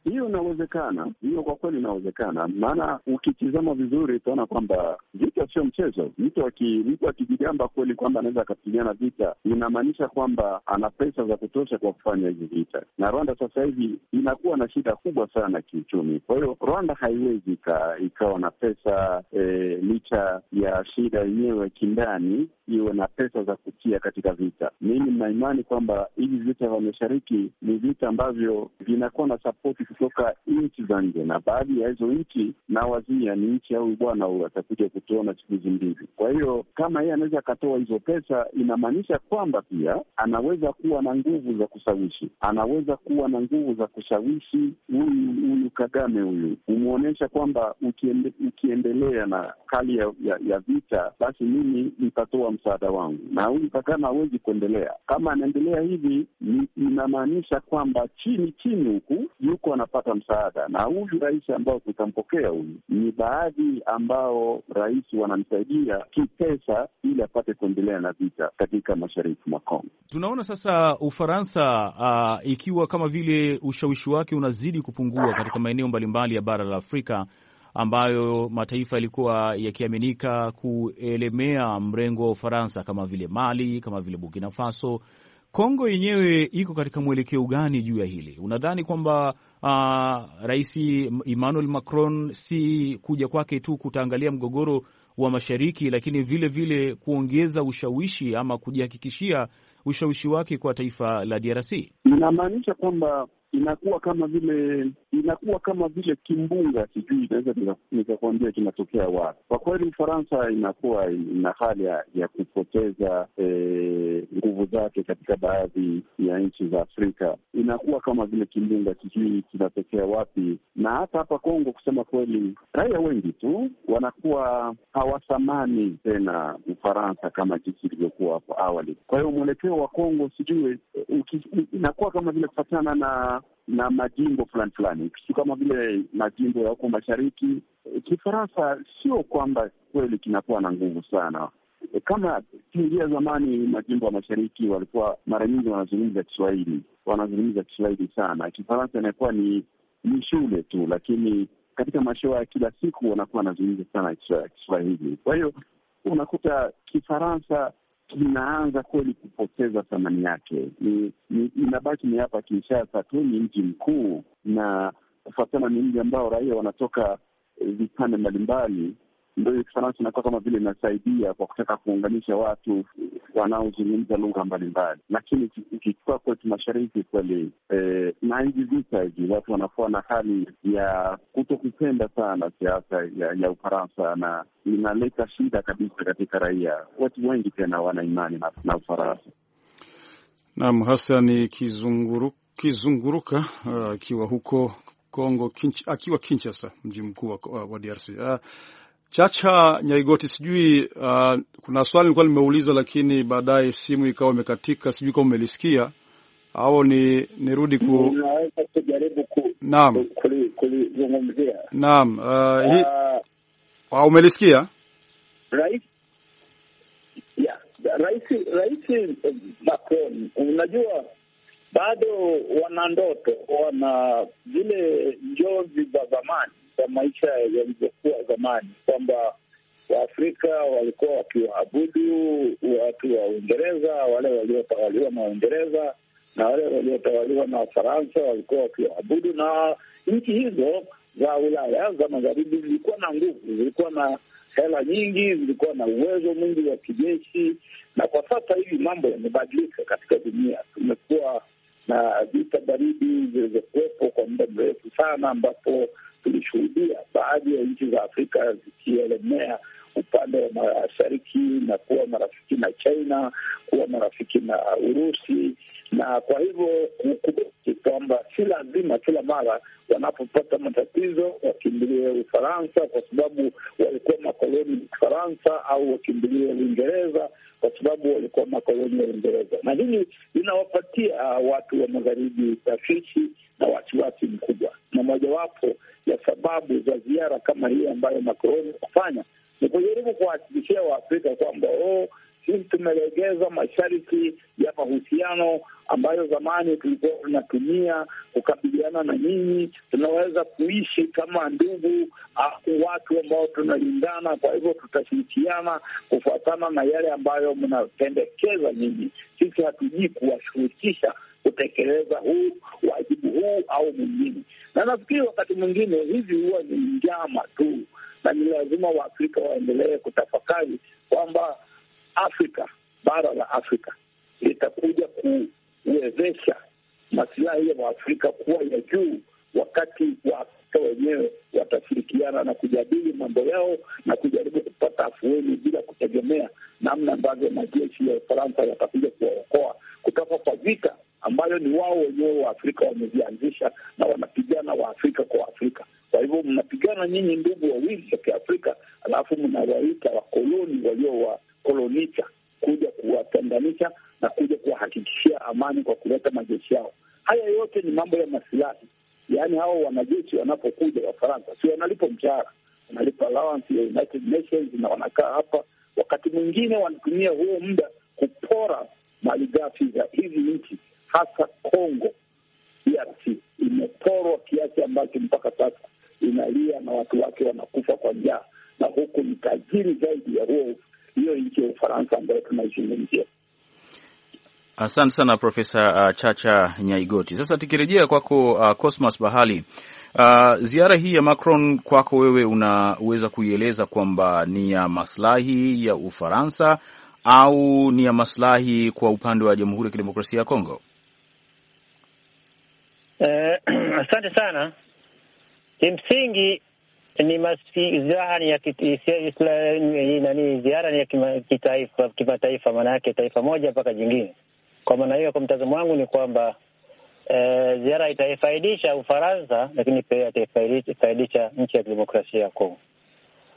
Hiyo inawezekana, hiyo kwa kweli inawezekana, maana ukitizama vizuri utaona kwamba vita sio mchezo. Mtu mtu akijigamba kweli kwamba anaweza akapigana vita, inamaanisha kwamba ana pesa za kutosha kwa kufanya hizi vita, na Rwanda sasa hivi inakuwa na shida kubwa sana kiuchumi. Kwa hiyo Rwanda haiwezi ikawa na pesa e, licha ya shida yenyewe kindani, iwe na pesa za kutia katika vita. Mimi nina imani kwamba hivi vita vya mashariki ni vita ambavyo vinakuwa na sapoti kutoka nchi za nje, na baadhi ya hizo nchi na wazia ni nchi au bwana atakuja kutuona siku hizi mbili. Kwa hiyo kama yeye anaweza akatoa hizo pesa, inamaanisha kwamba pia anaweza kuwa na nguvu za kushawishi, anaweza kuwa na nguvu za kushawishi huyu huyu Kagame huyu, umwonyesha kwamba ukiende, ukiendelea na hali ya, ya, ya vita, basi mimi nitatoa msaada wangu, na huyu Kagame hawezi kuendelea kama anaendelea hivi. Inamaanisha kwamba chini chini huku yuko na wanapata msaada, na huyu rais ambao tutampokea huyu, ni baadhi ambao rais wanamsaidia kipesa ili apate kuendelea na vita katika mashariki mwa Kongo. Tunaona sasa Ufaransa uh, ikiwa kama vile ushawishi wake unazidi kupungua katika maeneo mbalimbali ya bara la Afrika ambayo mataifa yalikuwa yakiaminika kuelemea mrengo wa Ufaransa kama vile Mali, kama vile Burkina Faso. Kongo yenyewe iko katika mwelekeo gani juu ya hili? Unadhani kwamba uh, Rais Emmanuel Macron si kuja kwake tu kutaangalia mgogoro wa mashariki, lakini vile vile kuongeza ushawishi ama kujihakikishia ushawishi wake kwa taifa la DRC. Inamaanisha kwamba inakuwa kama vile inakuwa kama vile kimbunga, sijui inaweza nikakuambia kinatokea wapi. Kwa kweli, Ufaransa inakuwa ina hali ya kupoteza eh, nguvu zake katika baadhi ya nchi za Afrika. Inakuwa kama vile kimbunga, sijui kinatokea wapi. Na hata hapa Kongo, kusema kweli, raia wengi tu wanakuwa hawathamani tena Ufaransa kama jinsi ilivyokuwa hapo awali. Kwa hiyo mwelekeo wa Kongo sijui eh, inakuwa kama vile kufatana na na majimbo fulani fulani, si kama vile majimbo ya huko mashariki. Kifaransa sio kwamba kweli kinakuwa na nguvu sana e, kama kiingia zamani, majimbo ya mashariki walikuwa mara nyingi wanazungumza Kiswahili, wanazungumza Kiswahili sana. Kifaransa inakuwa ni ni shule tu, lakini katika mashoa ya kila siku wanakuwa wanazungumza sana Kiswahili. Kwa hiyo unakuta Kifaransa inaanza kweli kupoteza thamani yake. Ni, ni inabaki ni hapa Kinshasa tu, ni mji mkuu, na kufuatana ni mji ambao raia wanatoka eh, vipande mbalimbali ndio Kifaransa sana kama vile inasaidia kwa kutaka kuunganisha watu wanaozungumza lugha mbalimbali, lakini ikichukua kwetu mashariki kweli eh, na hivi vita hivi watu wanakuwa na hali ya kuto kupenda sana siasa ya, ya Ufaransa na inaleta shida kabisa katika raia. Watu wengi tena wana imani na, na Ufaransa. Naam, hasa ni kizunguru, kizunguruka uh, akiwa uh, huko Kongo kinch, akiwa Kinshasa, mji mkuu wa, wa DRC uh, ah, Chacha Nyaigoti, sijui uh, kuna swali nilikuwa nimeuliza, lakini baadaye simu ikawa imekatika, sijui kama umelisikia au ni nirudi ku naam, naam. Uh, hi... uh, umelisikia rais yeah, rais rais uh, Macron, unajua bado wana ndoto, wana zile njozi za zamani za maisha yalivyokuwa zamani, kwamba Waafrika walikuwa wakiwaabudu watu wa Uingereza, wale waliotawaliwa na Uingereza na wale waliotawaliwa na Wafaransa walikuwa wakiwaabudu, na nchi hizo za Ulaya za magharibi zilikuwa na nguvu, zilikuwa na hela nyingi, zilikuwa na uwezo mwingi wa kijeshi. Na kwa sasa hivi mambo yamebadilika katika dunia. Tumekuwa na vita baridi zilizokuwepo kwa muda mrefu sana, ambapo tulishuhudia baadhi ya nchi za Afrika zikielemea upande wa mashariki na kuwa marafiki na China, kuwa marafiki na Urusi, na kwa hivyo kubaki kwamba si lazima kila mara wanapopata matatizo wakimbilie Ufaransa kwa sababu walikuwa makoloni ya Ufaransa, au wakimbilie Uingereza kwa sababu walikuwa makoloni ya Uingereza. Na hili linawapatia ah, watu wa magharibi tafishi na wasiwasi mkubwa, na mojawapo ya sababu za ziara kama hii ambayo Macron kufanya ni kujaribu kuwahakikishia Waafrika kwamba oh, sisi tumelegeza masharti ya mahusiano ambayo zamani tulikuwa tunatumia kukabiliana na nyinyi. Tunaweza kuishi kama ndugu, au watu ambao tunalingana Kwa hivyo tutashirikiana kufuatana na yale ambayo mnapendekeza nyinyi. Sisi hatujii kuwashirikisha kutekeleza huu wajibu huu au mwingine, na nafikiri wakati mwingine hizi huwa ni njama tu na ni lazima Waafrika waendelee kutafakari kwamba Afrika, bara la Afrika litakuja kuwezesha masilahi ya Waafrika kuwa ya juu wakati Waafrika wenyewe watashirikiana na kujadili mambo yao na kujaribu kupata afueni bila kutegemea namna ambavyo majeshi ya Ufaransa yatakuja kuwaokoa kutoka kwa vita ambayo ni wao wenyewe Waafrika wamevianzisha na wanapigana Waafrika kwa Waafrika. Kwa hivyo mnapigana nyinyi ndugu wawili wa Kiafrika, alafu mnawaita wakoloni waliowakolonisha kuja kuwatenganisha na kuja kuwahakikishia amani kwa kuleta majeshi yao. Haya yote ni mambo ya masilahi. Yaani hao wanajeshi wanapokuja Wafaransa si wanalipo mshahara, wanalipa allowance ya United Nations na wanakaa hapa. Wakati mwingine wanatumia huo muda kupora mali malighafi za hizi nchi, hasa Congo DRC imeporwa kiasi ambacho mpaka sasa inalia na watu wake wanakufa kwa njaa, na huku ni tajiri zaidi ya huo hiyo nchi ya Ufaransa ambayo tunaizungumzia. Asante sana Profesa uh, Chacha Nyaigoti. Sasa tukirejea kwako uh, Cosmas Bahali, uh, ziara hii ya Macron kwako wewe unaweza kuieleza kwamba ni ya maslahi ya Ufaransa au ni ya maslahi kwa upande wa Jamhuri ya Kidemokrasia ya Kongo? Eh, asante sana Kimsingi ni ziara ni ya ni ya kitaifa, kimataifa, maana yake taifa moja mpaka jingine. Kwa maana hiyo, kwa mtazamo wangu ni kwamba e, ziara itaifaidisha Ufaransa, lakini pia itaifaidisha nchi ya kidemokrasia ya Kongo.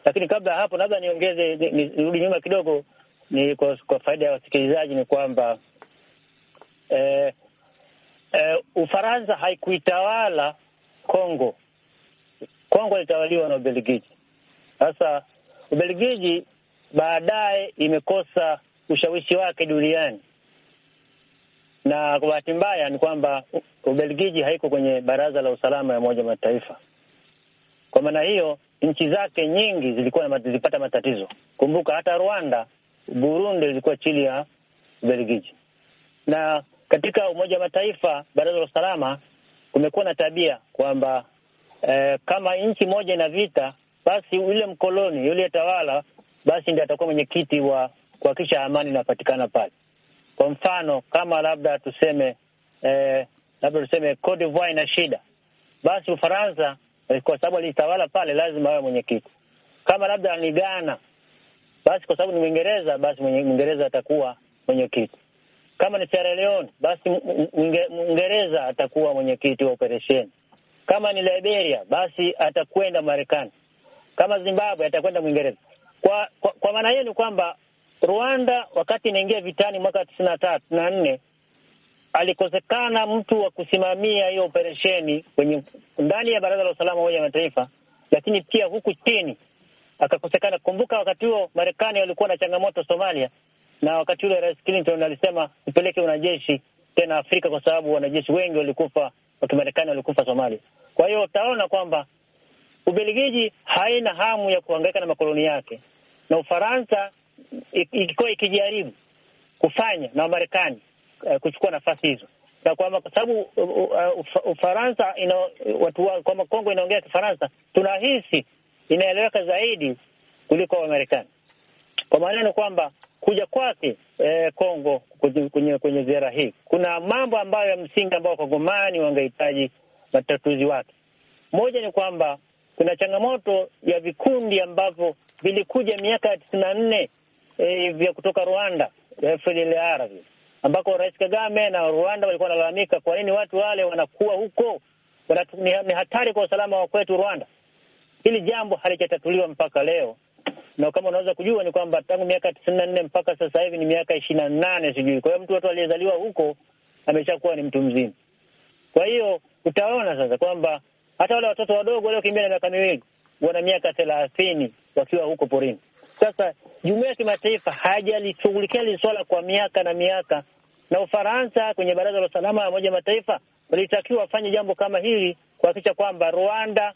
Lakini kabla ya hapo, labda niongeze, nirudi nyuma kidogo, ni kwa, kwa faida ya wasikilizaji ni kwamba e, e, Ufaransa haikuitawala Kongo Kongo ilitawaliwa na Ubelgiji. Sasa Ubelgiji baadaye imekosa ushawishi wake duniani, na kwa bahati mbaya ni kwamba Ubelgiji haiko kwenye Baraza la Usalama ya Umoja Mataifa. Kwa maana hiyo, nchi zake nyingi zilikuwa zilipata matatizo. Kumbuka hata Rwanda, Burundi ilikuwa chini ya Ubelgiji, na katika Umoja wa Mataifa, Baraza la Usalama, kumekuwa na tabia kwamba eh, kama nchi moja ina vita, basi yule mkoloni, yule tawala, basi ndiye atakuwa mwenyekiti wa kuhakikisha amani inapatikana pale. Kwa mfano kama labda tuseme eh, labda tuseme Cote d'Ivoire ina shida, basi Ufaransa eh, kwa sababu alitawala pale, lazima awe mwenyekiti. Kama labda ni Ghana, basi kwa sababu ni Mwingereza, basi Mwingereza atakuwa mwenyekiti. Kama ni Sierra Leone, basi Mwingereza atakuwa mwenyekiti wa operesheni. Kama ni Liberia, basi atakwenda Marekani. Kama Zimbabwe, atakwenda Mwingereza. Kwa, kwa, kwa maana hiyo ni kwamba Rwanda wakati inaingia vitani mwaka tisini na tatu na nne alikosekana mtu wa kusimamia hiyo operesheni kwenye ndani ya Baraza la Usalama Umoja wa Mataifa, lakini pia huku chini akakosekana. Kumbuka wakati huo Marekani walikuwa na changamoto Somalia, na wakati ule Rais Clinton alisema upeleke wanajeshi tena Afrika kwa sababu wanajeshi wengi walikufa watu Marekani walikufa Somalia. Kwa hiyo utaona kwamba Ubelgiji haina hamu ya kuhangaika na makoloni yake, na Ufaransa ilikuwa ikijaribu kufanya na Wamarekani uh, kuchukua nafasi hizo na kwamba kwa sababu uh, uh, Ufaransa ina watu wa kwamba Kongo inaongea Kifaransa, tunahisi inaeleweka zaidi kuliko Wamarekani. Kwa maana ni kwamba kuja kwake eh, Kongo kwenye, kwenye ziara hii kuna mambo ambayo ya msingi ambayo wakongomani wangehitaji matatuzi wake. Moja ni kwamba kuna changamoto ya vikundi ambavyo vilikuja miaka ya tisini na nne eh, vya kutoka Rwanda eh, FDLR ambako Rais Kagame na Rwanda walikuwa wanalalamika, kwa nini watu wale wanakuwa huko wanatu, ni hatari kwa usalama wa kwetu Rwanda. Hili jambo halijatatuliwa mpaka leo, na kama unaweza kujua ni kwamba tangu miaka tisini na nne mpaka sasa hivi ni miaka ishirini na nane sijui. Kwa hiyo mtu watu aliyezaliwa huko ameshakuwa ni mtu mzima. Kwa hiyo utaona sasa kwamba hata wale watoto wadogo waliokimbia na miaka miwili wana miaka thelathini wakiwa huko porini. Sasa jumuiya ya kimataifa hajalishughulikia hili swala kwa miaka na miaka, na Ufaransa kwenye Baraza la Usalama la Umoja Mataifa walitakiwa wafanye jambo kama hili kuhakikisha kwamba Rwanda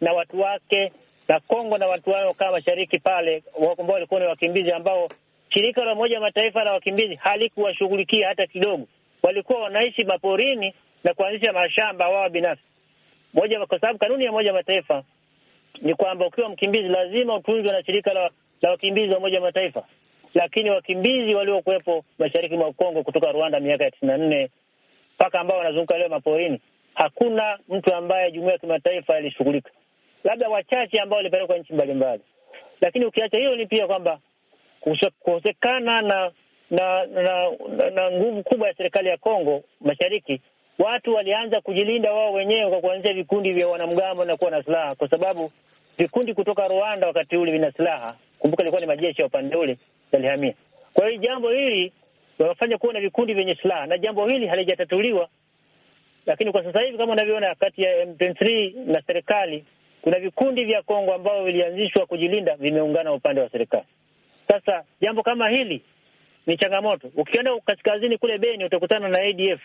na watu wake na Kongo na watu wao kama mashariki pale ambao walikuwa ni wakimbizi ambao shirika la Umoja Mataifa la wakimbizi halikuwashughulikia hata kidogo. Walikuwa wanaishi maporini na kuanzisha mashamba wao binafsi moja, kwa sababu kanuni ya Umoja Mataifa ni kwamba ukiwa mkimbizi lazima utunzwe na shirika la, la wakimbizi wa Umoja Mataifa. Lakini wakimbizi waliokuwepo mashariki mwa Kongo kutoka Rwanda miaka ya tisini na nne mpaka ambao wanazunguka leo maporini, hakuna mtu ambaye jumuiya ya kimataifa ilishughulika labda wachache ambao walipelekwa nchi mbalimbali. Lakini ukiacha hiyo, ni pia kwamba kukosekana na na, na na na nguvu kubwa ya serikali ya Kongo Mashariki, watu walianza kujilinda wao wenyewe kwa kuanzia vikundi vya wanamgambo na kuwa na silaha, kwa sababu vikundi kutoka Rwanda wakati ule vina silaha. Kumbuka ilikuwa ni majeshi ya upande ule yalihamia. Kwa hiyo jambo hili wawafanya kuwa na vikundi vyenye silaha, na jambo hili halijatatuliwa. Lakini kwa sasa hivi kama unavyoona, kati ya M23 na serikali kuna vikundi vya Kongo ambao vilianzishwa kujilinda, vimeungana upande wa serikali. Sasa jambo kama hili ni changamoto. Ukienda kaskazini kule Beni utakutana na ADF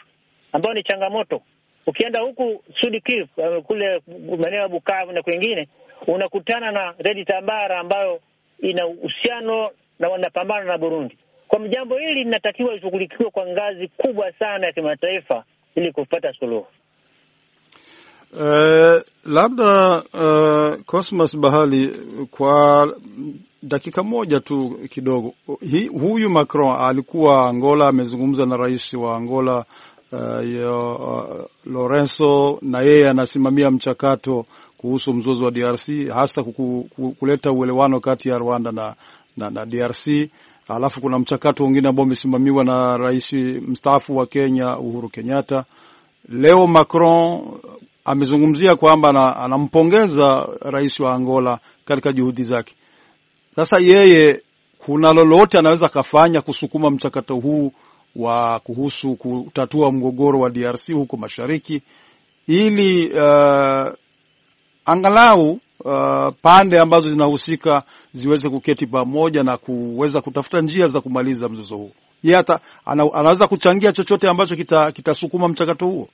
ambayo ni changamoto. Ukienda huku Sud Kivu eh, kule maeneo ya Bukavu na kwingine unakutana na Redi Tabara ambayo ina uhusiano na wanapambana na Burundi. Kwa jambo hili linatakiwa lishughulikiwe kwa ngazi kubwa sana ya kimataifa ili kupata suluhu. Eh, labda uh, Cosmas Bahali kwa dakika moja tu kidogo. Hi, huyu Macron alikuwa Angola, amezungumza na rais wa Angola uh, eh, yo, uh, Lorenzo, na yeye anasimamia mchakato kuhusu mzozo wa DRC hasa kuku, kuleta uelewano kati ya Rwanda na, na, na DRC. Alafu kuna mchakato mwingine ambao umesimamiwa na rais mstaafu wa Kenya Uhuru Kenyatta. Leo Macron amezungumzia kwamba anampongeza rais wa Angola katika juhudi zake. Sasa yeye kuna lolote anaweza akafanya kusukuma mchakato huu wa kuhusu kutatua mgogoro wa DRC huko mashariki ili uh, angalau uh, pande ambazo zinahusika ziweze kuketi pamoja na kuweza kutafuta njia za kumaliza mzozo huo. Yeye anaweza kuchangia chochote ambacho kitasukuma kita mchakato huo.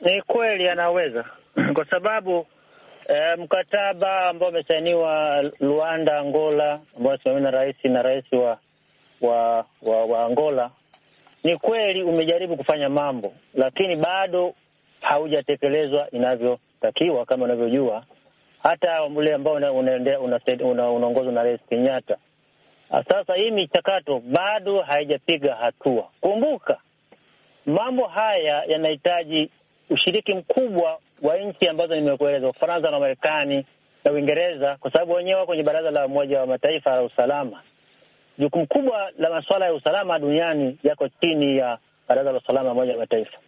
Ni kweli anaweza kwa sababu e, mkataba ambao umesainiwa Luanda, Angola, ambao unasimamiwa na rais na rais wa wa, wa wa Angola, ni kweli umejaribu kufanya mambo, lakini bado haujatekelezwa inavyotakiwa. Kama unavyojua hata ule ambao unaongozwa una, una, una, una na rais Kenyatta. Ah, sasa hii michakato bado haijapiga hatua. Kumbuka mambo haya yanahitaji ushiriki mkubwa wa nchi ambazo nimekueleza, Ufaransa na Marekani na Uingereza, kwa sababu wenyewe wako kwenye Baraza la Umoja wa Mataifa la usalama. Jukumu kubwa la masuala ya usalama duniani yako chini ya Baraza la Usalama la Umoja wa Mataifa.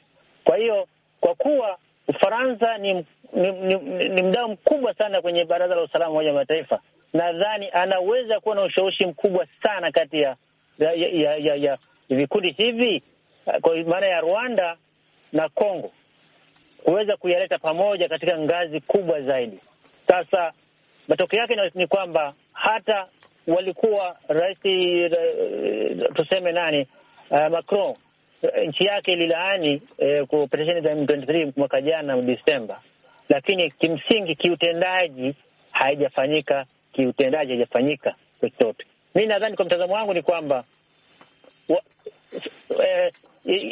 Kwa hiyo kwa kuwa Ufaransa ni, ni, ni, ni mdau mkubwa sana kwenye Baraza la Usalama Umoja wa Mataifa, nadhani anaweza kuwa na ushawishi mkubwa sana kati ya ya, ya, ya, ya vikundi hivi kwa maana ya Rwanda na Kongo kuweza kuyaleta pamoja katika ngazi kubwa zaidi. Sasa matokeo yake ni kwamba hata walikuwa rais eh, tuseme nani, uh, Macron eh, nchi yake ililaani eh, kuoperesheni za M23 mwaka jana Disemba, lakini kimsingi kiutendaji haijafanyika, kiutendaji haijafanyika chochote. Mi nadhani kwa mtazamo wangu ni kwamba eh,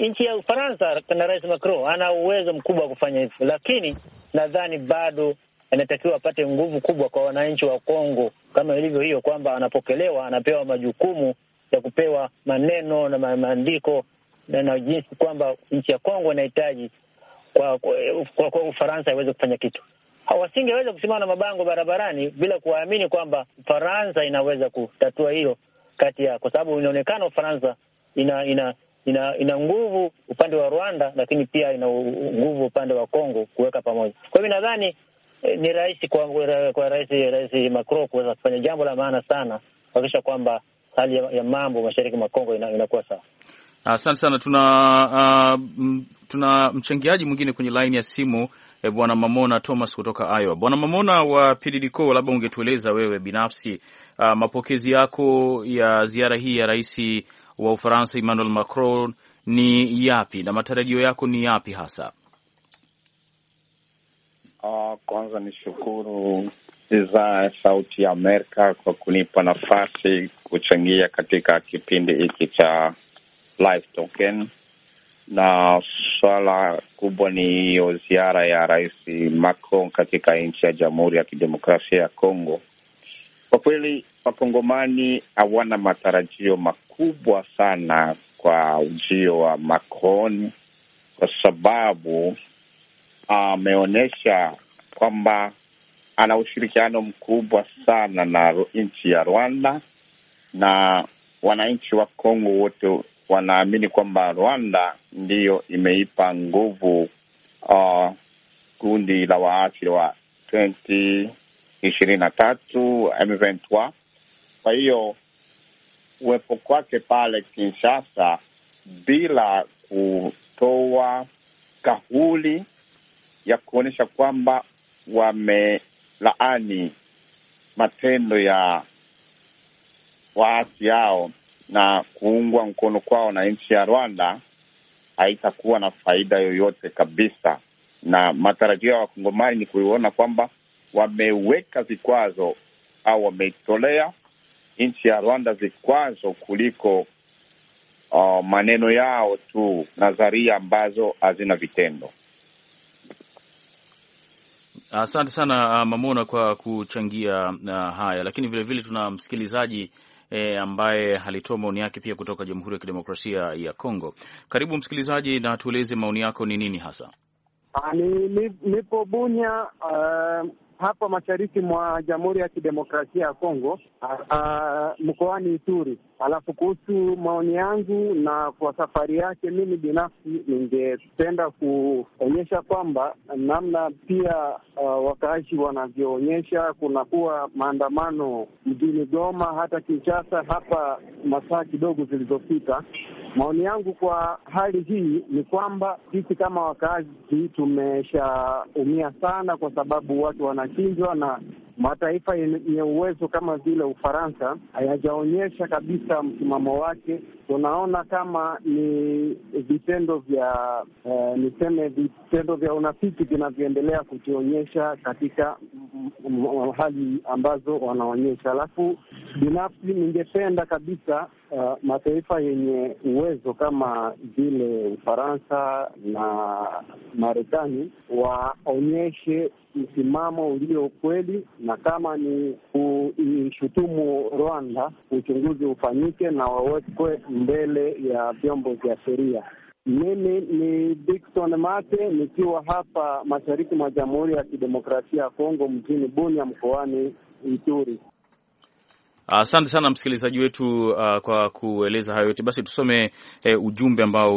nchi ya Ufaransa na Rais Macron ana uwezo mkubwa wa kufanya hivyo, lakini nadhani bado anatakiwa apate nguvu kubwa kwa wananchi wa Kongo, kama ilivyo hiyo kwamba anapokelewa, anapewa majukumu ya kupewa maneno na maandiko na, na jinsi kwamba nchi ya Kongo inahitaji kwa, kwa, kwa, kwa Ufaransa iweze kufanya kitu. Wasingeweza kusimama na mabango barabarani bila kuwaamini kwamba Ufaransa inaweza kutatua hilo kati ya, kwa sababu inaonekana Ufaransa ina ina ina ina nguvu upande wa Rwanda, lakini pia ina nguvu upande wa Kongo kuweka pamoja. Kwa hiyo nadhani eh, ni rahisi kwa, kwa rais Rais Macron kuweza kufanya jambo la maana sana kuhakikisha kwamba hali ya, ya mambo mashariki mwa Kongo inakuwa ina sawa. Asante sana. Tuna uh, m, tuna mchangiaji mwingine kwenye laini ya simu eh, Bwana Mamona Thomas kutoka Iowa. Bwana Mamona wa PDDC, labda ungetueleza wewe binafsi uh, mapokezi yako ya ziara hii ya rahisi wa Ufaransa Emmanuel Macron ni yapi na matarajio yako ni yapi hasa? Uh, kwanza shukuru idhaa ya Sauti ya Amerika kwa kunipa nafasi kuchangia katika kipindi hiki cha Live na swala kubwa ni hiyo ziara ya Rais Macron katika nchi ya Jamhuri ya Kidemokrasia ya Kongo. Kwa kweli Wakongomani hawana matarajio makubwa kubwa sana kwa ujio wa Macron kwa sababu ameonyesha kwamba ana ushirikiano mkubwa sana na nchi ya Rwanda na wananchi wa Kongo wote wanaamini kwamba Rwanda ndiyo imeipa nguvu uh, kundi la waasi wa ishirini na tatu M23. Kwa hiyo kuwepo kwake pale Kinshasa bila kutoa kauli ya kuonyesha kwamba wamelaani matendo ya waasi hao na kuungwa mkono kwao na nchi ya Rwanda haitakuwa na faida yoyote kabisa, na matarajio ya Wakongomani ni kuiona kwamba wameweka vikwazo au wameitolea nchi ya Rwanda vikwazo kuliko uh, maneno yao tu, nadharia ambazo hazina vitendo. Asante sana uh, Mamona kwa kuchangia uh, haya, lakini vilevile tuna msikilizaji E, ambaye alitoa maoni yake pia kutoka Jamhuri ya Kidemokrasia ya Kongo. Karibu msikilizaji, na tueleze maoni yako ni nini hasa. Ah, ni, ni, nipo Bunya uh, hapa mashariki mwa Jamhuri ya Kidemokrasia ya Kongo, mkoani Ituri. Alafu kuhusu maoni yangu na kwa safari yake, mimi binafsi ningependa kuonyesha kwamba namna pia uh, wakaaji wanavyoonyesha, kunakuwa maandamano mjini Goma, hata Kinshasa hapa masaa kidogo zilizopita Maoni yangu kwa hali hii ni kwamba sisi kama wakazi tumeshaumia sana, kwa sababu watu wanachinjwa na mataifa yenye uwezo kama vile Ufaransa hayajaonyesha kabisa msimamo wake tunaona kama ni vitendo vya uh, niseme vitendo vya unafiki vinavyoendelea kujionyesha katika hali ambazo wanaonyesha. Alafu binafsi ningependa kabisa uh, mataifa yenye uwezo kama vile Ufaransa na Marekani waonyeshe msimamo ulio kweli, na kama ni kuishutumu Rwanda uchunguzi ufanyike na wawekwe mbele ya vyombo vya sheria. Mimi ni Dickson Mate nikiwa hapa mashariki mwa Jamhuri ya Kidemokrasia ya Kongo mjini Bunia mkoani Ituri. Asante uh, sana msikilizaji wetu uh, kwa kueleza hayo yote. Basi tusome eh, ujumbe ambao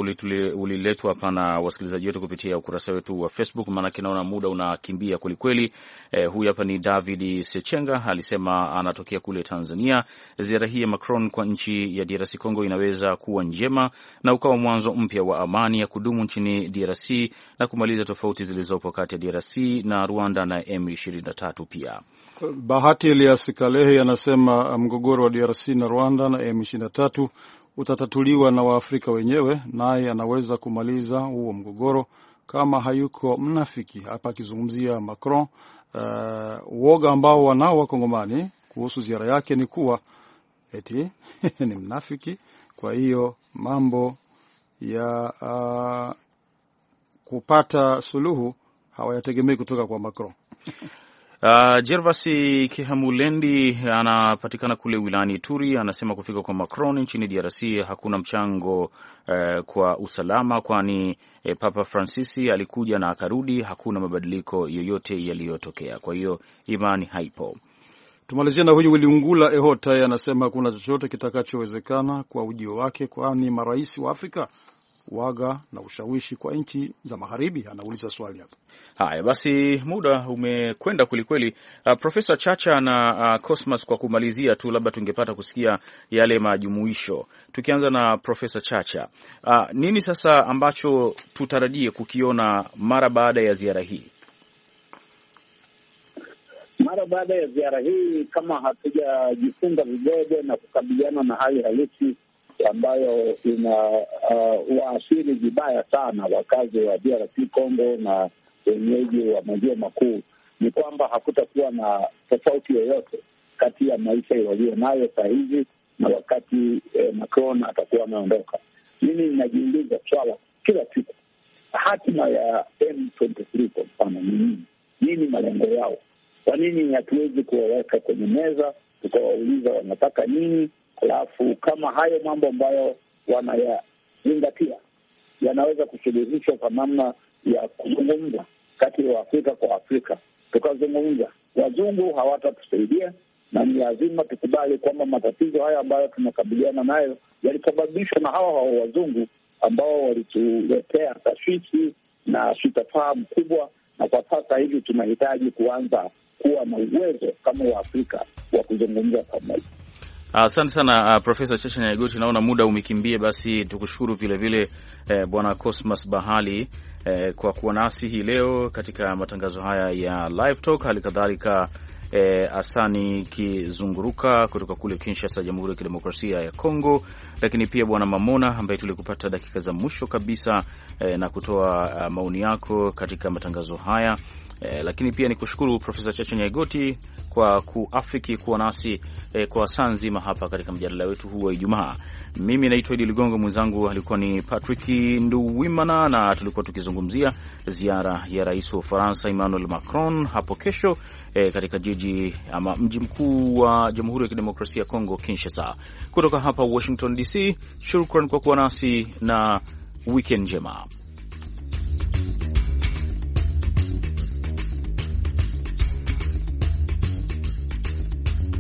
uliletwa hapa na wasikilizaji wetu kupitia ukurasa wetu wa Facebook, maanake naona muda unakimbia kwelikweli. Eh, huyu hapa ni David Sechenga alisema anatokea kule Tanzania. Ziara hii ya Macron kwa nchi ya DRC Congo inaweza kuwa njema na ukawa mwanzo mpya wa amani ya kudumu nchini DRC na kumaliza tofauti zilizopo kati ya DRC na Rwanda na M23 pia Bahati Elias Kalehe anasema ah, mgogoro wa DRC na Rwanda na M23 utatatuliwa na Waafrika wenyewe, naye anaweza kumaliza huo mgogoro kama hayuko mnafiki hapa, akizungumzia Macron. Uh, ah, woga ambao wanao wakongomani kuhusu ziara yake ni kuwa eti ni mnafiki. Kwa hiyo mambo ya uh, kupata suluhu hawayategemei kutoka kwa Macron. Uh, Jervas Kihamulendi anapatikana kule wilayani Turi, anasema kufika kwa Macron nchini DRC hakuna mchango uh, kwa usalama, kwani eh, Papa Francis alikuja na akarudi, hakuna mabadiliko yoyote yaliyotokea. Kwa hiyo imani haipo. Tumalizia na huyu Wiliungula Ehota, anasema hakuna chochote kitakachowezekana kwa ujio wake, kwani marais wa Afrika waga na ushawishi kwa nchi za magharibi? Anauliza swali hapo. Haya basi, muda umekwenda kwelikweli. Uh, Profesa Chacha na uh, Cosmas, kwa kumalizia tu, labda tungepata kusikia yale majumuisho, tukianza na Profesa Chacha. Uh, nini sasa ambacho tutarajie kukiona mara baada ya ziara hii? Mara baada ya ziara hii, kama hatujajifunga vigogo na kukabiliana na hali halisi ambayo ina uh, waathiri vibaya sana wakazi wa DRC Congo na wenyeji wa maziwa makuu, ni kwamba hakutakuwa na tofauti yoyote kati ya maisha walio nayo saa hizi na wakati eh, Macron atakuwa ameondoka. Mimi inajiuliza swala kila siku, hatima ya M23 kwa mfano ni nini? Nini malengo yao? Kwa nini hatuwezi kuwaweka kwenye meza tukawauliza wanataka nini Alafu kama hayo mambo ambayo wanayazingatia yanaweza kusuluhishwa kwa namna ya kuzungumza kati ya Afrika kwa Afrika, tukazungumza, wazungu hawatatusaidia na ni lazima tukubali kwamba matatizo haya ambayo tunakabiliana nayo yalisababishwa na hawa hao wazungu ambao walituletea tashwishi na sitafahamu kubwa, na kwa sasa hivi tunahitaji kuanza kuwa na uwezo kama Waafrika wa kuzungumza pamoja. Asante uh, sana uh, Profesa Chacha Nyagoti, naona muda umekimbia, basi tukushukuru vilevile eh, Bwana Cosmas Bahali eh, kwa kuwa nasi hii leo katika matangazo haya ya Live Talk, hali kadhalika eh, Asani Kizunguruka kutoka kule Kinshasa, Jamhuri ya Kidemokrasia ya Kongo, lakini pia Bwana Mamona ambaye tulikupata dakika za mwisho kabisa eh, na kutoa uh, maoni yako katika matangazo haya eh, lakini pia nikushukuru Profesa Chacha Nyaigoti kwa kuafiki kuwa nasi eh, kwa saa nzima hapa katika mjadala wetu huu wa Ijumaa. Mimi naitwa Idi Ligongo, mwenzangu alikuwa ni Patrick Nduwimana, na tulikuwa tukizungumzia ziara ya rais wa Ufaransa Emmanuel Macron hapo kesho eh, katika jiji ama mji mkuu wa Jamhuri ya Kidemokrasia ya Kongo, Kinshasa. Kutoka hapa Washington DC, shukran kwa kuwa nasi na wikendi njema.